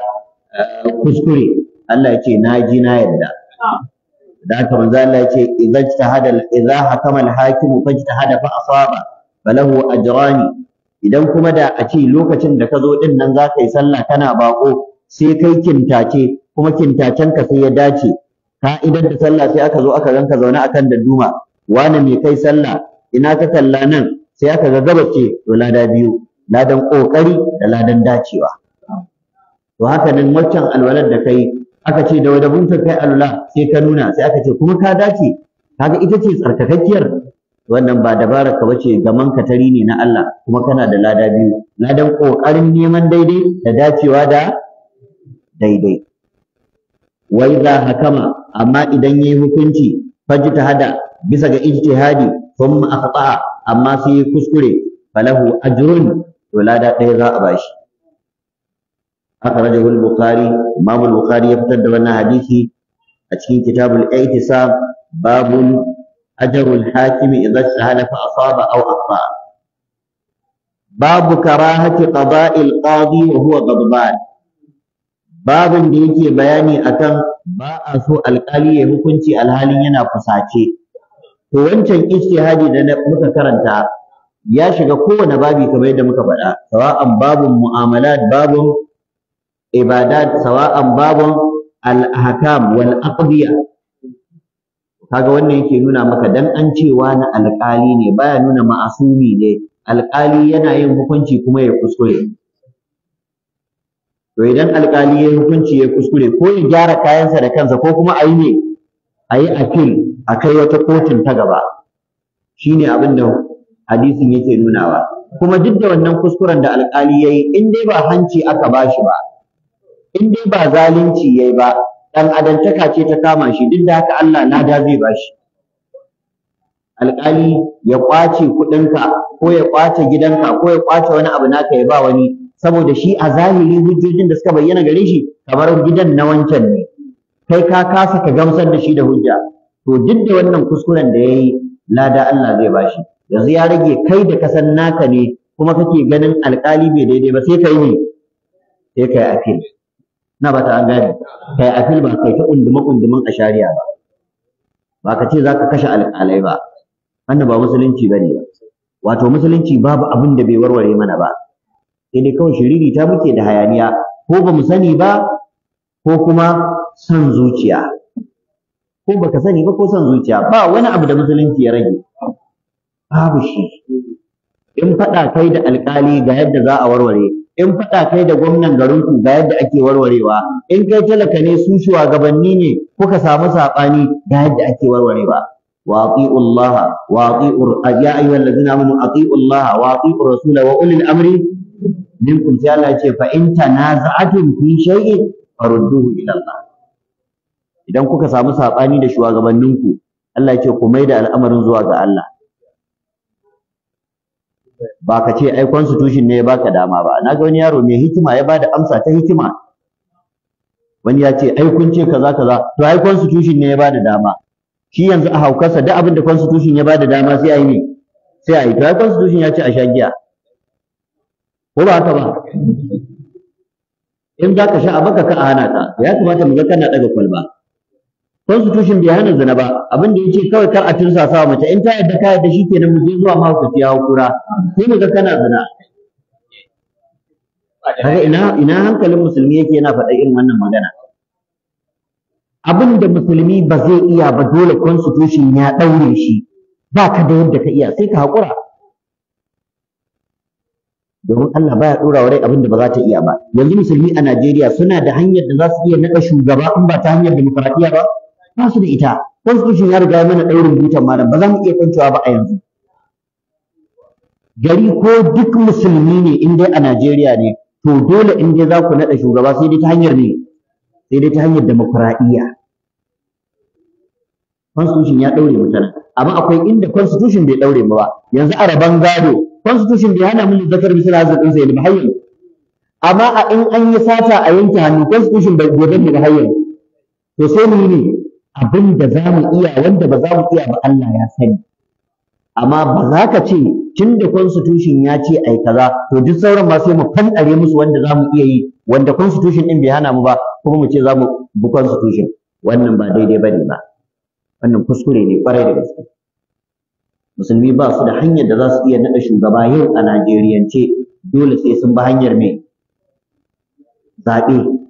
[SPEAKER 1] eh, kuskure Allah ya ce na ji na yarda da haka manzo Allah ya ce idza ijtahada idza hakama al-hakimu fajtahada fa asaba falahu ajrani idan kuma da a ce lokacin da ka zo din nan za ka yi sallah kana bako sai kai kintace kuma kintacen ka sai ya dace ka idan da sallah sai aka zo aka ganka zaune akan danduma wani me kai sallah ina ka kalla nan sai aka ga gabace to lada biyu ladan ƙoƙari da ladan dacewa to haka nan waccan alwalar da kai aka ce da butar kai alula sai ka nuna sai aka ce kuma ka dace kaga ita ce tsarkakakkiyar wannan ba dabarar ka bace gaman ka tari ne na Allah kuma kana da lada biyu ladan ƙoƙarin neman daidai da dacewa da daidai za idza hakama amma idan yayi hukunci fajita hada, bisa ga ijtihadi thumma akhta'a amma sai kuskure falahu ajrun to lada ɗaya za a bashi akhrajahu al-bukhari imam bukhari ya fitar da wannan hadisi a cikin kitabul i'tisab babun ajrul hakimi idza shahala asaba aw akhta babu karahati qada'il qadi wa huwa ghadban babin da yake bayani akan ba a so alƙali ya hukunci alhalin yana fusace to wancan ijtihadi da muka karanta ya shiga kowane babi kamar yadda muka faɗa sawa'an babun mu'amalat babun ibadat sawa'an babun al-ahkam wal aqdiya kaga wannan yake nuna maka dan an ce wani alƙali ne baya nuna ma'asumi ne alƙali yana yin hukunci kuma ya kuskure to idan alƙali ya hukunci ya kuskure ko ya gyara kayansa da kansa ko kuma a yi ne a yi appeal a kai wata kotun ta gaba shine abin da hadisin yake nunawa kuma duk da wannan kuskuren da alƙali yayi in dai ba hanci aka ba shi ba in dai ba zalunci yayi ba ɗan adantaka ce ta kama shi duk da haka Allah lada zai bashi alƙali ya ƙwace kuɗinka ko ya ƙwace gidanka ko ya ƙwace wani abu naka ya ba wani saboda shi a zahiri hujjojin da suka bayyana gare shi kamar gidan na wancan ne kai ka kasa ka gamsar da shi da hujja to duk da wannan kuskuren da ya yi lada Allah zai ba shi. yanzu ya rage kai da kasan naka ne kuma kake ganin alƙali bai daidai ba sai kai ne sai kai afil na ba ta gani kai afil ba kai ta unduma unduman a shari'a ba ba ka ce za ka kashe alƙalai ba wannan ba musulunci bane ba wato musulunci babu abin da bai warware mana ba sai dai kawai shiriri ta muke da hayaniya ko ba mu sani ba ko kuma son zuciya ko baka sani ba ko son zuciya ba wani abu da musulunci ya rage babu shi in faɗa kai da alƙali ga yadda za a warware in faɗa kai da gwamnan garinku ga yadda ake warwarewa in kai talaka ne su shugabanni ne kuka samu saɓani ga yadda ake warwarewa wa ati'u Allah wa ati'u ya ayyuhal ladzina amanu ati'u Allah wa ati'u rasul wa ulil amri minkum sai Allah ce fa in tanaza'atum fi shay'in farudduhu ila Allah idan kuka samu saɓani da shugabanninku Allah ce ku maida al'amarin zuwa ga Allah ba ka ce ai constitution ne ya baka dama ba na ga wani yaro mai hikima ya bada amsa ta hikima wani ya ce ai kun ce kaza kaza to ai constitution ne ya bada dama shi yanzu a haukarsa duk abin da constitution ya bada dama sai ai ne sai ai to ai constitution ya ce a sha giya ko ba haka ba in za ka sha a baka ka a hana ka ya kamata mu ga kana daga kwalba constitution bai hana zina ba abin da yace kawai kar a tursasa wa mace in ta yadda ka yadda shikenan mu je zuwa mahaukaciya kura sai mu ga kana zina kaga ina ina hankalin musulmi yake yana faɗa irin wannan magana abin da musulmi ba zai iya ba dole constitution ya ɗaure shi ba ka da yadda ka iya sai ka haƙura domin Allah baya ɗora wa rai abin da ba za ta iya ba yanzu musulmi a Najeriya suna da hanyar da za su iya naɗa shugaba in ba ta hanyar demokradiyya ba ba su da ita constitution ya riga mana ɗaurin butan malam ba za mu iya kwancewa ba a yanzu gari ko duk musulmi ne in dai a Najeriya ne to dole in dai za ku naɗa shugaba sai dai ta hanyar ne sai dai ta hanyar demokuraɗiyya constitution ya ɗaure mutane, amma akwai inda constitution bai ɗaure ba yanzu a gado constitution bai hana mulki zakar misali arzikin sai da hayyan amma a in an yi sata a yanke hannu constitution bai gobe da hayyan to sai mu ne abin da za mu iya wanda ba za mu iya ba Allah ya sani amma ba za ka ce tun da constitution ya ce ai kaza to duk sauran ma sai mu fanɗare musu wanda za mu iya yi wanda constitution ɗin bai hana mu ba kuma mu ce za mu bi constitution wannan ba daidai ba ne ba wannan kuskure ne kwarai da gaske musulmi ba su da hanyar da za su iya naɗa shugaba yau a najeriyance dole sai sun bi hanyar mai zaɓe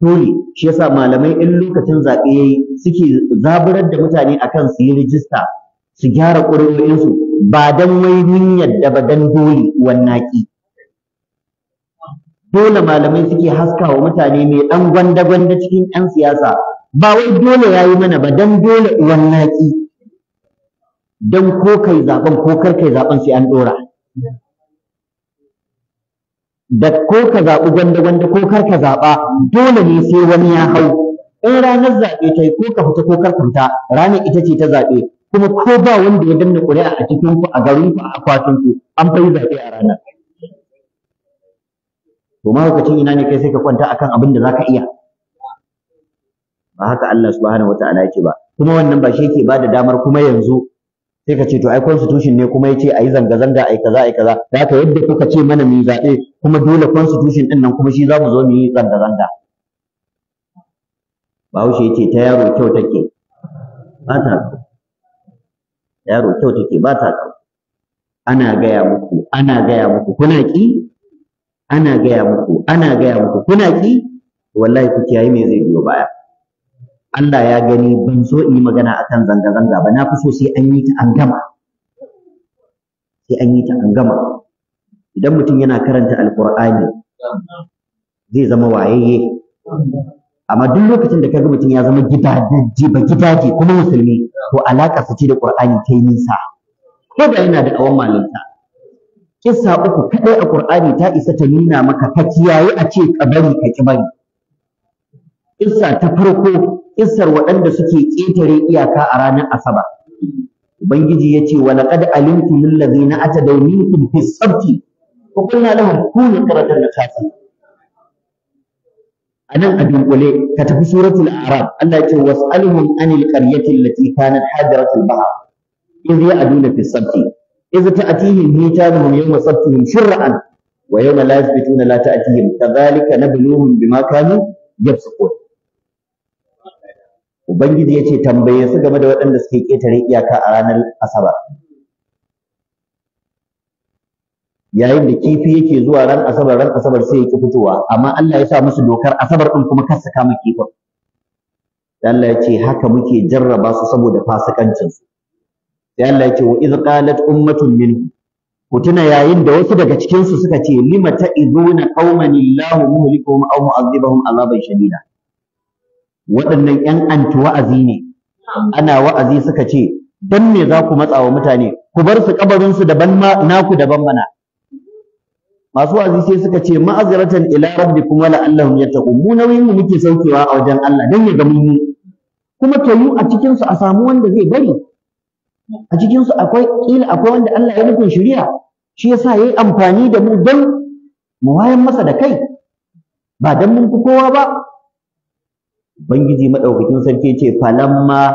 [SPEAKER 1] dole shi yasa malamai in lokacin zaɓe yayi suke zaburar da mutane akan su yi rijista su gyara ƙuri'o'insu ba dan wai niyyar da ba dan dole wannaki. dole malamai suke haskawa mutane mai ɗan gwanda-gwanda cikin 'yan siyasa ba wai dole ya yi mana ba don dole uwan naƙi don ko kai zaɓen ko kar kai zaɓen sai an ɗora da ko ka zaɓi gwanda-gwanda ko kar ka zaɓa dole ne sai wani ya hau in ranar zaɓe ta yi ko ka fita ko kar ka fita ranar ita ce ta zaɓe kuma ko ba wanda ya danna ƙuri'a a cikin ku a garin ku a akwatin ku an fa yi zaɓe a ranar to ma lokacin ina ne kai sai ka kwanta akan abin da zaka iya ba haka Allah subhanahu wataala yake ba kuma wannan ba shi yake bada damar kuma yanzu sai ka ce to ai constitution ne kuma yace ayi zanga zanga ai kaza ai kaza da ka yadda kuka ce mana mu zaɓe kuma dole constitution din nan kuma shi za mu zo mu yi zanga zanga Bahaushe yace ta yaro kyau take ba ta yaro kyau take ba ta ana gaya muku ana gaya muku kuna ki ana gaya muku ana gaya muku kuna ki wallahi ku kiyaye me zai biyo baya Allah ya gani ban so in yi magana akan zanga-zanga ba na fi so sai an yi ta an gama sai an yi ta an gama idan mutum yana karanta alkur'ani zai zama wayayye amma duk lokacin da kaga mutum ya zama gidaje ba gidaje kuma musulmi to alaka su ce da ƙur'ani ta yi nisa ko da yana da awan malinta kissa uku kadai a ƙur'ani ta isa ta nuna maka ka kiyaye a ce ka bari ka ki bari kissa ta farko kissar waɗanda suke ƙetare iyaka a ranar Asaba. ubangiji ya ce wa laqad alimtum lillazina atadaw minkum fi sabti wa qulna lahum kunu qiratan nakasi anan a dunkule ka tafi suratul a'raf Allah ya ce was'alhum anil qaryati allati kanat hadiratul bahr idh ya'duna fi sabti idh ta'tihim hitanuhum yawma sabtihim shur'an wa yawma la yathbituna la ta'tihim kadhalika nabluhum bima kanu yafsukun ubangiji ya ce tambaye su game da waɗanda suke ƙetare iyaka a ranar asabar yayin da kifi yake zuwa ran asabar ran asabar sai ya ki fitowa amma Allah ya sa musu dokar asabar ɗin kuma kar su kama kifin Allah ya ce haka muke jarraba su saboda fasikancinsu su sai Allah ya ce wa idh qalat ummatun min ku yayin da wasu daga cikinsu suka ce lima ta'izuna qauman illahu muhlikuhum aw mu'adhibuhum azaban shadida waɗannan ‘yan anti wa'azi ne ana wa'azi suka ce don me za ku matsa wa mutane ku bar su kabarinsu daban ma naku daban mana masu wa'azi sai suka ce ma'azratan ila rabbikum wala allahum yattaqun mu nauyin mu muke saukewa a wajen Allah dan ya gamu mu kuma tayu a cikin a samu wanda zai bari a cikin akwai kila akwai wanda Allah ya nufin shari'a shi yasa yi amfani da mu dan mu wayan masa da kai ba dan mun fi kowa ba ubangiji madaukakin sarki ce falamma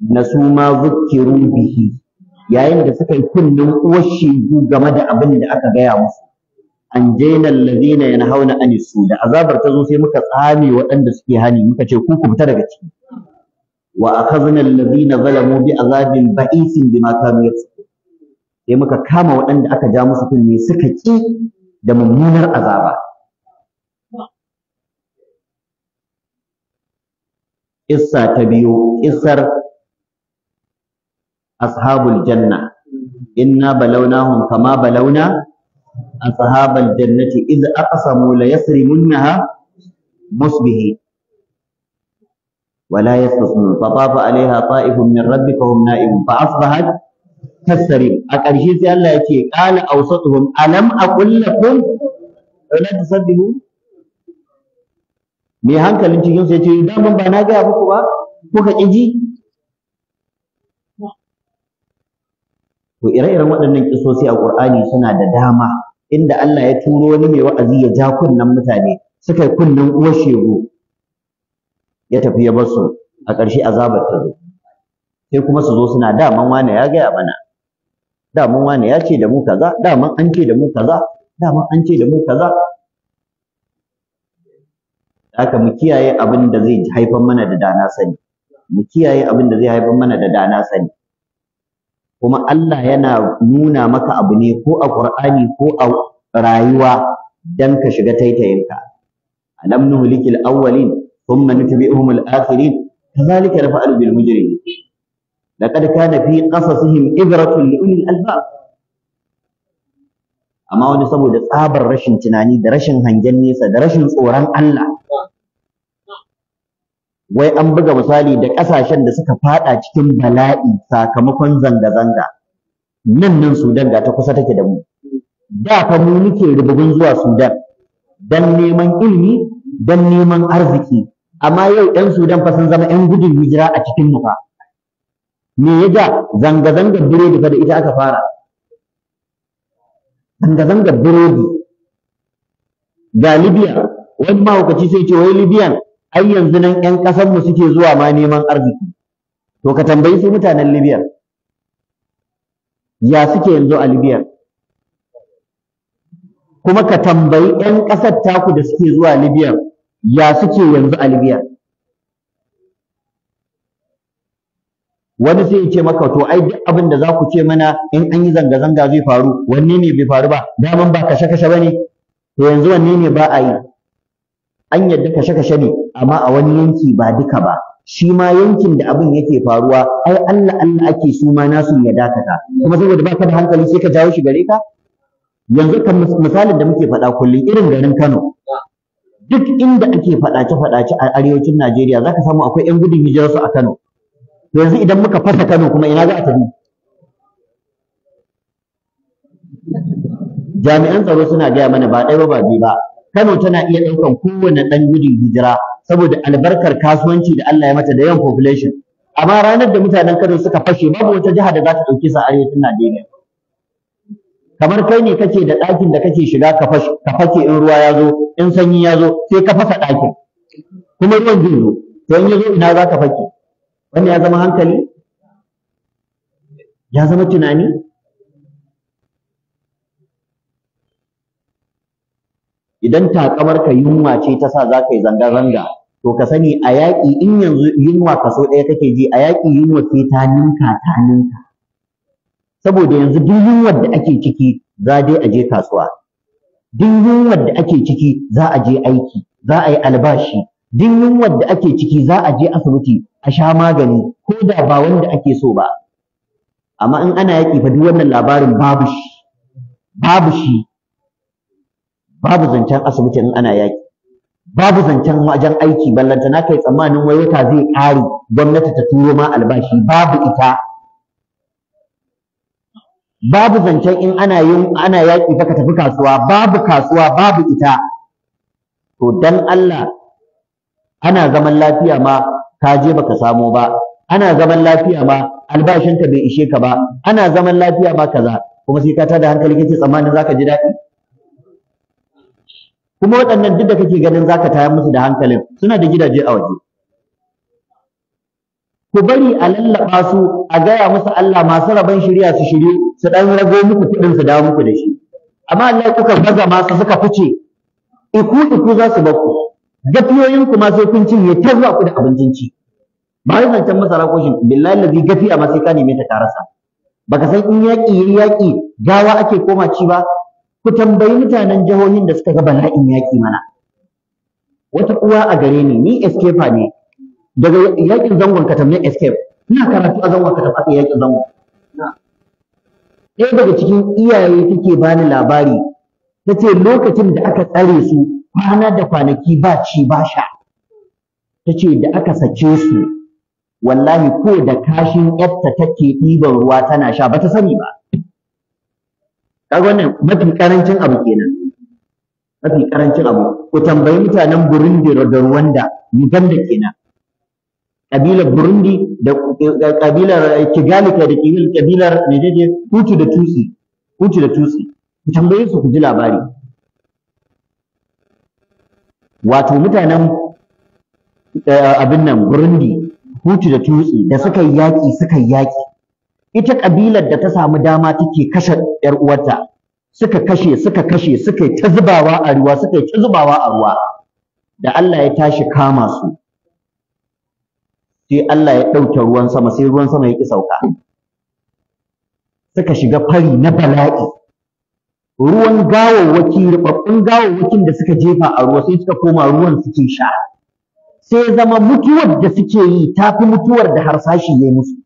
[SPEAKER 1] nasuma zukiru bihi yayin da suka yi kunnen uwar shegu game da abin da aka gaya musu an jaina allazina yanhauna anis su da azabar ta zo sai muka tsame waɗanda suke hani muka ce ku ku fita daga ciki wa akhadna allazina zalamu bi azabin ba'isin bima kanu yasfu sai muka kama waɗanda aka ja musu kunne suka ki da mummunar azaba kissa ta biyu kissar ashabul janna inna balawnahum kama balauna ashabal jannati id aqsamu la yasrimunha musbihi ولا يستثنون فطاف عليها طائف من ربك وهم نائمون فأصبحت كالسرير أكرشي سي الله يتي قال أوسطهم ألم أقل لكم ولا تصدقون Me hankalin cikin sai ce daman ba na gaya muku ba kuka ƙi ji to ire-iren waɗannan kisosi a Qur'ani suna da dama inda Allah ya turo wani mai wa'azi ya ja kunnen mutane suka yi kunnen uwar shegu ya tafi ya bar su a ƙarshe azabar ta zo sai kuma su zo suna daman wane ya gaya mana daman wane ya ce da mu kaza daman an ce da mu kaza daman an ce da mu kaza haka mu kiyaye abin da zai haifar mana da dana sani mu kiyaye abin da zai haifar mana da dana sani kuma Allah yana nuna maka abu ne ko a Qur'ani ko a rayuwa dan ka shiga taitayinka alam nuhlikil awwalin thumma nutbi'uhum al-akhirin kadhalika naf'alu bil mujrimin laqad kana fi qasasihim ibratun li ulil albab amma wani saboda tsabar rashin tunani da rashin hangen nesa da rashin tsoron Allah wai an buga misali da ƙasashen da suka fada cikin bala'i sakamakon zanga-zanga nan nan Sudan ga ta kusa take da mu da fa mu muke rubugun zuwa Sudan dan neman ilimi dan neman arziki amma yau ɗan Sudan fa sun zama ƴan gudun hijira a cikin mu fa me ya ja zanga-zangar biredi fa da ita aka fara zanga-zangar biredi ga Libya wani mahaukaci sai ce wai Libyan ai yanzu nan ƴan ƙasar mu suke zuwa ma neman arziki to ka tambayi su mutanen Libya ya suke yanzu a Libya kuma ka tambayi ƴan ƙasar taku da suke zuwa Libya ya suke yanzu a Libya wani sai ya ce maka to ai duk abin da za ku ce mana in an yi zanga-zanga zai faru wanne ne bai faru ba daman ba kashe-kashe ba ne to yanzu wanne ne ba a yi an yadda kashe-kashe ne amma a wani yanki ba duka ba shi ma yankin da abin yake faruwa ai Allah Allah ake su ma nasu ya dakata kuma saboda baka da hankali sai ka jawo shi gare ka yanzu kan misalin da muke faɗa kullum irin garin Kano duk inda ake faɗace-faɗace a arewacin Najeriya zaka samu akwai 'yan gudun hijira su a Kano yanzu idan muka fasa Kano kuma ina za a tafi jami'an tsaro suna gaya mana ba ɗaya ba ba biyu ba Kano tana iya ɗaukan kowane ɗan gudun hijira saboda albarkar kasuwanci da Allah ya mata da yawan population. Amma ranar da mutanen Kano suka fashe babu wata jiha da za ta ɗauke sa a arewacin Najeriya. Kamar kai ne kake da ɗakin da kake shiga ka fashe in ruwa ya zo, in sanyi ya zo, sai ka fasa ɗakin. Kuma ruwan zai zo, to in ya zo ina za ka fake? Wannan ya zama hankali? Ya zama tunani? idan takamar ka yunwa ce ta sa za ka yi zanga-zanga to ka sani a yaƙi in yanzu yunwa kaso ɗaya kake ji a yaƙi yunwa ce ta ninka ta ninka saboda yanzu duk yunwar da ake ciki za dai a je kasuwa duk yunwar da ake ciki za a je aiki za a yi albashi duk yunwar da ake ciki za a je asibiti a sha magani ko da ba wanda ake so ba amma in ana yaƙi fa duk wannan labarin babu shi babu shi babu zancen asibiti in ana yaki babu zancen wajen aiki ballanta na kai tsammanin wai zai ƙare gwamnati ta turo ma albashi babu ita babu zancen in ana yin ana yaƙi ka tafi kasuwa babu kasuwa babu ita to dan Allah ana zaman lafiya ma ka je baka samo ba ana zaman lafiya ma albashinka bai ishe ka ba ana zaman lafiya ma kaza kuma sai ka tada hankali kace tsammanin zaka ji daɗi kuma waɗannan duk da kake ganin za ka tayar musu da hankalin suna da gidaje a waje ku bari a lallaba su a gaya musu Allah masu rabon shirya su shirye su dan rago muku kuɗin su dawo muku da shi amma Allah kuka baza masu suka fice iku iku za su bakku gafiyoyin ku ma sai kun cinye ta zuwa ku da abincin ci ba zan zancen masara rakoshin billahi lazi gafiya ma sai ka neme ta karasa baka san in yaƙi yayi yaƙi gawa ake koma ci ba ku tambayi mutanen jihohin da suka ga bala'in yaƙi mana wata uwa a gare ni ni escape ne daga yaƙin zangon katam ne escape
[SPEAKER 3] ina karatu a zangon katam
[SPEAKER 1] a yaƙin zangon ɗaya daga cikin iyaye take bani labari ta ce lokacin da aka tsare su kwana da kwanaki ba ci ba sha ta ce da aka sace su wallahi ko da kashin yatta take ɗiban ruwa tana sha ba ta sani ba kaga wannan mafi karancin abu kenan mafi karancin abu ku tambayi mutanen Burundi da Rwanda Uganda kenan Ƙabilar Burundi da kabilar eh, Kigali da kabilar Nigeria Hutu da Tutsi Hutu da tusi ku tambaye su ku ji labari wato mutanen eh, abin nan Burundi Hutu da Tutsi da suka yi yaƙi suka yi yaƙi ita kabilar da ta samu dama take kashe yar uwarta suka kashe suka kashe suka yi ta zubawa a ruwa suka yi ta zubawa a ruwa da Allah ya tashi kama su sai Allah ya ɗauke ruwan sama sai ruwan sama ya ƙi sauka suka shiga fari na bala'i ruwan gawawwaki rubabbun gawawwakin da suka jefa a ruwa sai suka koma ruwan suke sha sai zama mutuwar da suke yi ta fi mutuwar da harsashi ya musu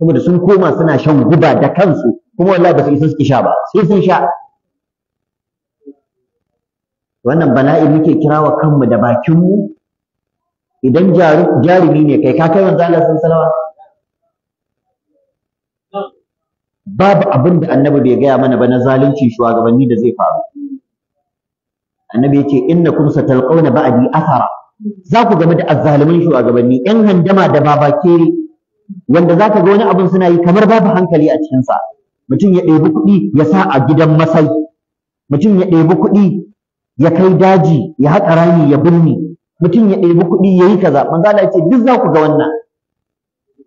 [SPEAKER 1] saboda sun koma suna shan guba da kansu kuma wallahi ba su isa suke sha ba sai sun sha wannan bala'i muke kirawa kanmu da bakinmu idan jarumi ne kai ka kai manzo Allah salawa babu abin da annabi bai gaya mana ba na zalunci shugabanni da zai faru annabi yace innakum satalqawna ba'di athara za ku game da azzalumin shugabanni yan handama da babakere wanda za ka ga wani abin suna yi kamar babu hankali a cikinsa mutum ya ɗebi kuɗi ya sa a gidan masai mutum ya ɗebi kuɗi ya kai daji ya haƙa rami ya birni mutum ya ɗebi kuɗi ya yi kaza manzo Allah ya ce duk za ku ga wannan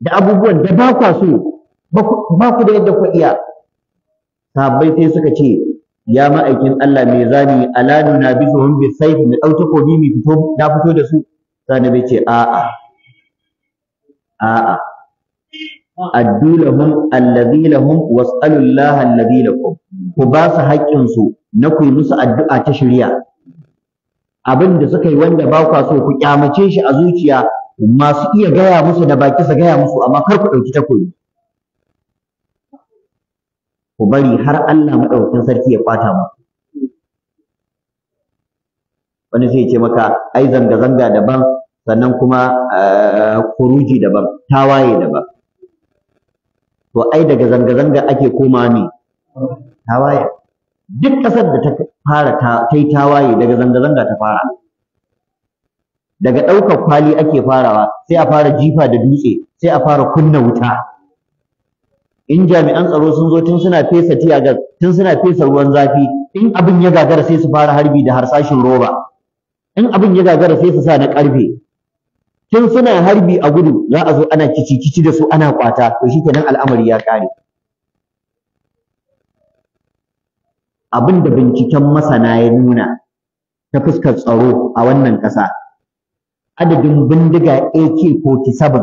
[SPEAKER 1] da abubuwan da ba kwa so ba ku da yadda ku iya sahabbai sai suka ce ya ma'aikin Allah mai zani na nuna bihum bi sai mu ko takobi mu fito na fito da su sai bai ce a'a a'a addu lahum allazi lahum was'alu allazi lakum ku ba su haƙƙin su na ku musu addu'a ta shari'a abin da suka yi wanda ba kwa so ku kyamace shi a zuciya masu iya gaya musu da baki su gaya musu amma kar ku ɗauki takobi ku bari har Allah maɗaukin sarki ya kwata muku wani sai ce maka ai zanga-zanga daban sannan kuma eh, kuruji daban tawaye daban to ai daga zanga-zanga ake koma ne tawaye duk ƙasar da ta fara ta yi tawaye daga zanga-zanga ta fara daga ɗaukar kwali ake farawa sai a fara jifa da dutse sai a fara kunna wuta in jami'an tsaro sun zo tun suna fesa tiyagar tun suna fesa ruwan zafi in abin ya gagara sai su fara harbi da harsashin roba in abin ya gagara sai su sa na ƙarfe tun suna harbi a gudu za a zo ana kici kici da su ana kwata to shikenan al'amari ya kare abin da binciken masana ya nuna ta fuskar tsaro a wannan ƙasa adadin bindiga AK47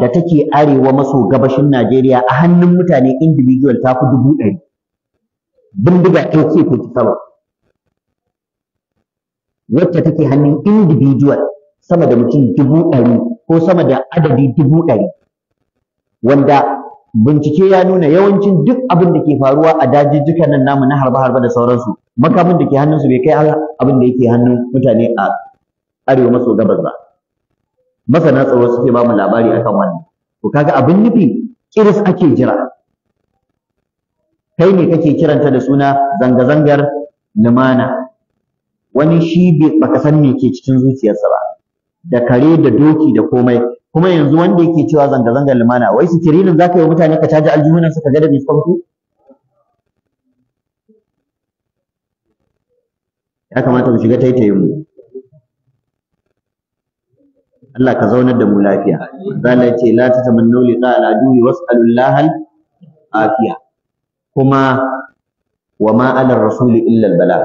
[SPEAKER 1] da take arewa maso gabashin Najeriya a hannun mutane individual ta fi dubu ɗari bindiga AK-47 wacce take hannun individual sama da mutum dubu ɗari ko sama da adadi dubu ɗari wanda bincike ya nuna yawancin duk abin da ke faruwa a dajijjikan nan namu na harba-harba da sauransu makamin da ke hannunsu bai kai abin da yake hannun mutane a arewa maso gabas ba masana tsoro suke ba mu labari akan wannan to kaga abin nufi kiris ake jira kai ne kake kiranta da suna zanga-zangar lumana wani shi baka san me ke cikin zuciyarsa ba da kare da doki da komai kuma yanzu wanda yake cewa zanga zanga lumana wai su tirinin za ka yi wa mutane ka caji aljihunan suka ga da mai kwamfu ya kamata mu shiga taitayin mu Allah ka zaunar da mu lafiya zalai ce la tatamannu liqa al wasalu was'alullaha afiya kuma wa ma ala rasuli illa al-bala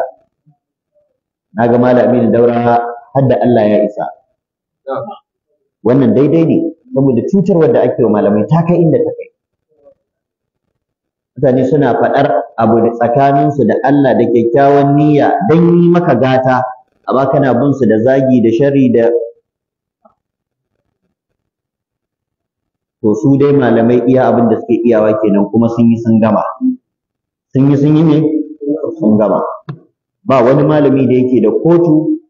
[SPEAKER 1] naga malamin daura hadda Allah ya isa wannan daidai ne saboda cutarwar da ake wa malamai ta kai inda ta kai mutane suna faɗar abu da tsakaninsu da Allah da kyakkyawan niyya don yi maka gata amma kana bin su da zagi da shari da to su dai malamai iya abin da suke iyawa kenan kuma sun yi sun gama sun yi sun yi ne sun gama ba wani malami da yake da kotu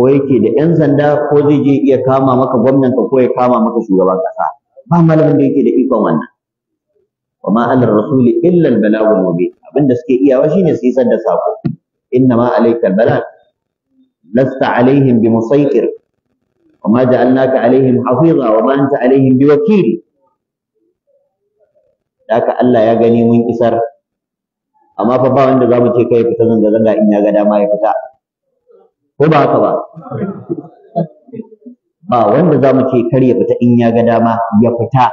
[SPEAKER 1] ko yake da ƴan sanda ko zai je iya kama maka gwamnan ka ko ya kama maka shugaban ƙasa. ba malamin da yake da ikon wannan wa ma ala rasul illa al balagul mubin abinda suke iyawa shine su isar da sako inna ma alayka al balag lasta alaihim bi musaytir wa ma ja'alnaka alaihim hafiza wa ma anta alaihim bi wakil haka Allah ya gani mun isar amma fa ba wanda zamu ce kai fita zanga zanga in ya ga dama ya fita ko ba haka ba ba wanda za mu ce kar ya fita in ya ga dama ya fita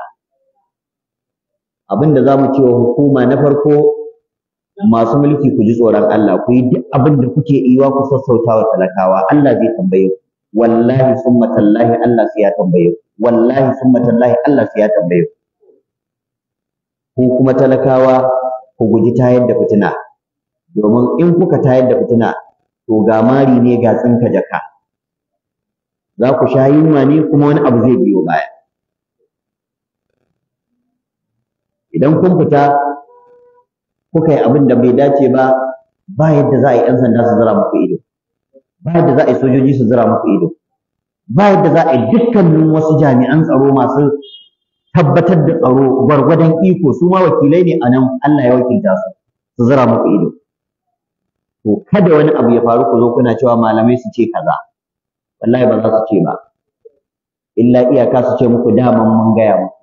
[SPEAKER 1] abin da za mu ce wa hukuma na farko masu mulki ku ji tsoron Allah ku yi duk abin da kuke iya ku sassauta wa talakawa Allah zai tambaye ku wallahi summa tallahi Allah sai ya tambaye ku wallahi summa tallahi Allah sai ya tambaye ku ku kuma talakawa ku guji tayar da fitina domin in kuka tayar da fitina to ga mari ne ga tsinka jaka za ku sha yunwa ne kuma wani abu zai biyo baya idan kun fita kuka yi abin da bai dace ba ba yadda za a yi 'yan sanda su zira muku ido ba yadda za a yi sojoji su zira muku ido ba yadda za a yi dukkanin wasu jami'an tsaro masu tabbatar da tsaro gwargwadon iko su ma wakilai ne a nan Allah ya wakilta su su zira muku ido to kada wani abu ya faru ku zo kuna cewa malamai su ce kaza wallahi ba za su ce ba illa iyaka su ce muku daman mun gaya muku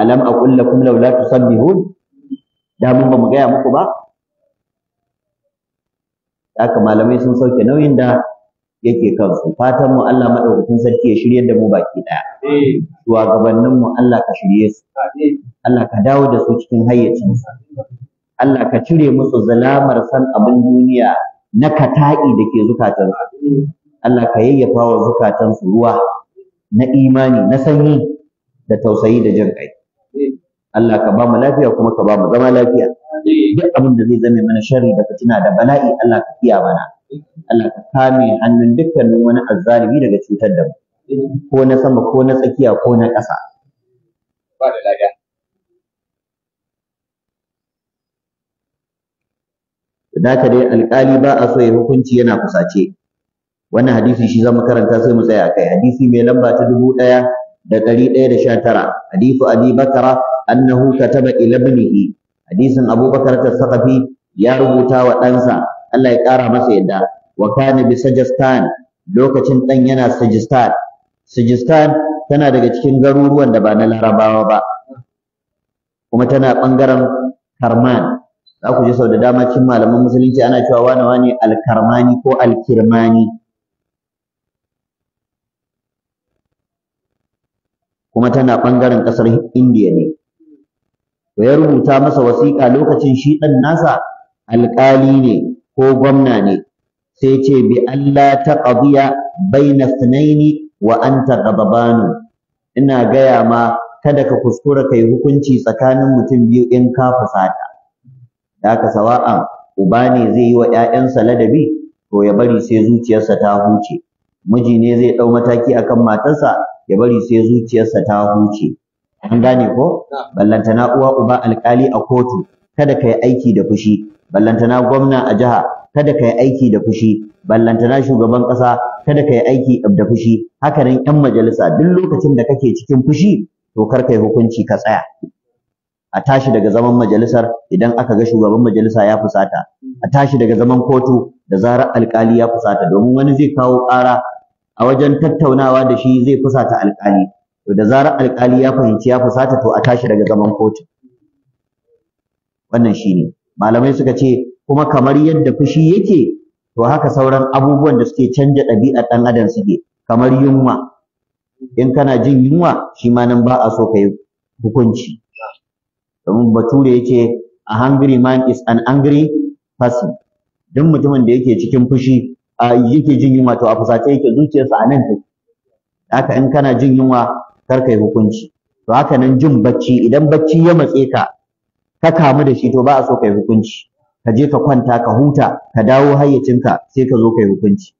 [SPEAKER 1] alam aqul lakum law la tusabbihun daman ba mu gaya muku ba haka malamai sun sauke nauyin da yake kansu fatan mu Allah madaukakin sarki ya shirye da mu baki daya shugabannin mu Allah ka shirye su Allah ka dawo da su cikin hayyacin su Allah ka cire musu zalamar san abin duniya na kata'i da ke zukatansu Allah ka yayyafa wa zukatansu ruwa na imani na sanyi da tausayi da jin kai Allah ka ba mu lafiya kuma ka ba mu zama lafiya duk abin da zai zame mana sharri da fitina da bala'i Allah ka kiya mana Allah ka kame hannun dukkanin wani azzalimi daga cutar da mu ko na sama ko na tsakiya ko na ƙasa ba da da dai alƙali ba a so ya hukunci yana kusace wannan hadisi shi zamu karanta sai mu tsaya kai hadisi mai lamba ta dubu ɗaya da ɗari ɗaya da sha tara hadisu abi bakara annahu kataba ila ibnihi hadisin abubakar tasaqafi ya rubuta wa ɗansa Allah ya ƙara masa yadda wa kana bi sajistan lokacin ɗan yana sajistan sajistan tana daga cikin garuruwan da ba na larabawa ba kuma tana ɓangaren karman za ku ji sau da dama cin malaman musulunci ana cewa wane wane alkarmani ko alkirmani kuma tana ɓangaren ƙasar indiya ne to ya rubuta masa wasiƙa lokacin shi ɗan nasa alƙali ne ko gwamna ne sai ce bi Allah ta bai baina sinaini wa anta ghadabanu ina gaya ma kada ka kuskura kai hukunci tsakanin mutum biyu in ka fusata da haka sawa'an uba ne zai yi wa ƴaƴansa ladabi to ya bari sai zuciyarsa ta huce miji ne zai ɗau mataki akan matarsa ya bari sai zuciyarsa ta huce an gane ko ballantana uwa uba alƙali a kotu kada ka yi aiki da fushi ballantana gwamna a jiha kada ka yi aiki da fushi ballantana shugaban ƙasa kada ka yi aiki da fushi haka nan 'yan majalisa duk lokacin da kake cikin fushi to kar ka yi hukunci ka tsaya a tashi daga zaman majalisar idan aka ga shugaban majalisa ya fusata a tashi daga zaman kotu da zarar alkali ya fusata domin wani zai kawo ƙara a wajen tattaunawa da shi zai fusata alkali to da zarar alkali ya fahimci ya fusata to a tashi daga zaman kotu wannan shine malamai suka ce kuma kamar yadda fushi yake to haka sauran abubuwan da suke canja ɗabi'ar ɗan adam suke kamar yunwa in kana jin yunwa shi ma nan ba a so ka hukunci domin bature yake a hungry man is an angry person duk mutumin da yake cikin fushi a yake jin yunwa to a fusace yake zuciyarsa a nan take haka in kana jin yunwa kar kai hukunci to haka nan jin bacci idan bacci ya matse ka ka kamu da shi to ba a so kai hukunci ka je ka kwanta ka huta ka dawo hayyacinka sai ka zo kai hukunci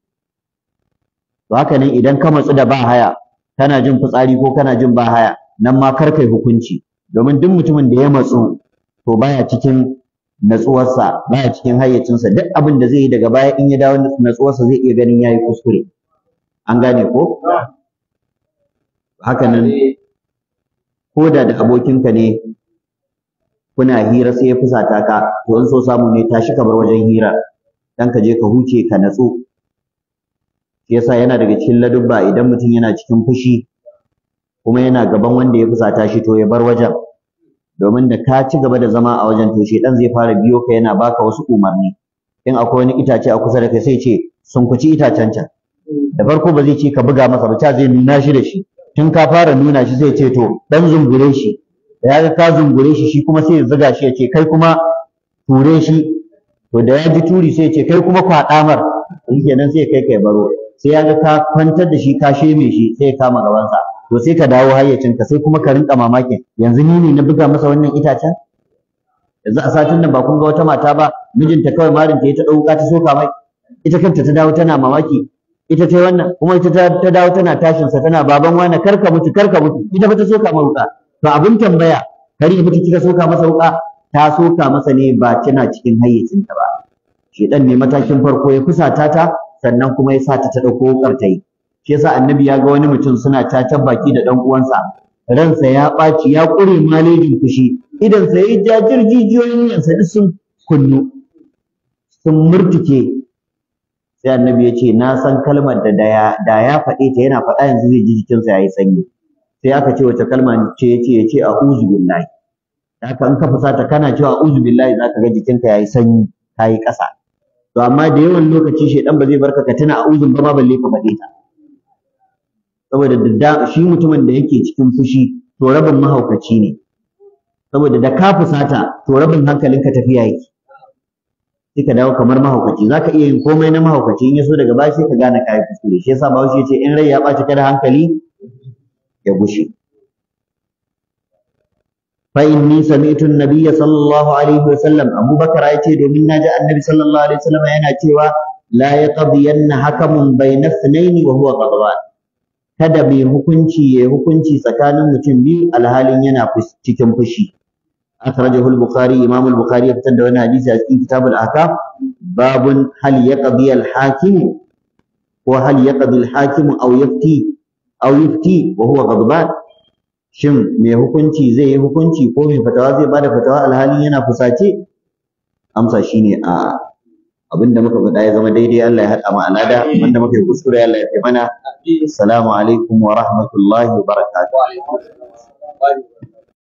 [SPEAKER 1] to haka nan idan ka matsu da ba haya kana jin fitsari ko kana jin ba haya nan ma kar kai hukunci domin duk mutumin da ya matsu to baya cikin natsuwarsa baya cikin hayyacinsa duk abin da zai yi daga baya in ya dawo natsuwarsa zai iya ganin yayi kuskure an gane ko Haka nan, ko da da abokinka ne kuna hira sai ya fusata ka to in so samu ne tashi ka bar wajen hira dan ka je ka huce ka natsu shi yasa yana daga cikin ladubba idan mutum yana cikin fushi kuma yana gaban wanda ya fusata shi to ya bar wajen domin da ka ci gaba da zama a wajen to shedan zai fara biyo ka yana baka wasu umarni in akwai wani itace a kusa da kai sai ce sun sunkuci itacen can da farko ba zai ce ka buga masa ba ta zai nuna shi da shi tun ka fara nuna shi zai ce to dan zungure shi da ya ga ka zungure shi shi kuma sai ya zuga shi ya ce kai kuma ture shi to da ya ji turi sai ya ce kai kuma kwaɗa mar kenan sai kai kai baro sai ya ga ka kwantar da shi ka sheme shi sai ya kama gabansa to sai ka dawo hayyacinka sai kuma ka rinka mamakin yanzu ni ne na buga masa wannan itacen yanzu a satin nan ba kun ga wata mata ba mijinta kawai marin ta ta dauka ta soka mai ita kanta ta dawo tana mamaki ita ta wannan kuma ita ta dawo tana tashin sa tana baban wani karka mutu karka mutu ita ba ta soka mai wuka to abin tambaya kari ba ta kika soka masa wuka ta soka masa ne ba tana cikin hayyacinta ba Shi dan ne matakin farko ya fusata ta sannan kuma ya sa ta ta dauko wukar ta yi shi yasa annabi ya ga wani mutum suna cacan baki da dan uwansa ransa ya ɓaci ya ƙure malejin fushi idan sa ya jajir jijiyoyin yansa duk sun kunnu sun murtuke sai annabi ya ce na san kalmar da da ya faɗe ta yana faɗa yanzu zai ji jikinsa ya yi sanyi sai aka ce wace kalma ce ya ce ya ce a'udhu billahi haka in ka fusata kana cewa a'udhu billahi zaka ga jikinka yayi sanyi kayi ƙasa to amma da yawan lokaci shedan ba zai barka ka tuna a'udhu ba ma balle ka faɗe ta saboda shi mutumin da yake cikin fushi to rabin mahaukaci ne saboda da ka fusata to rabin hankalinka tafiya yake sai ka dawo kamar mahaukaci za ka iya yin komai na mahaukaci in ya so daga baya sai ka gane kai kuskure shi yasa bahaushe ya ce in rai ya ɓaci kada hankali ya gushe fa inni sami'tu an-nabiyya sallallahu alaihi wasallam abubakar ya ce domin naji annabi sallallahu alaihi wasallam yana cewa la yaqdiyanna hakamun bayna ithnayn wa huwa qadwan kada mai hukunci ya hukunci tsakanin mutum biyu alhalin yana cikin fushi akhrajahu al-bukhari imam al-bukhari ya fitar da wani hadisi a cikin kitabul ahkam babun hal yaqdi al-hakim wa hal yaqdi al-hakim aw yafti aw yafti wa huwa ghadban shin mai hukunci zai yi hukunci ko mai fatawa zai bada fatawa alhalin yana fusace amsa shine A'a. da muka faɗa ya zama daidai Allah ya haɗa mu alada da muka yi kuskure Allah ya kai
[SPEAKER 2] mana assalamu alaikum wa rahmatullahi wa barakatuh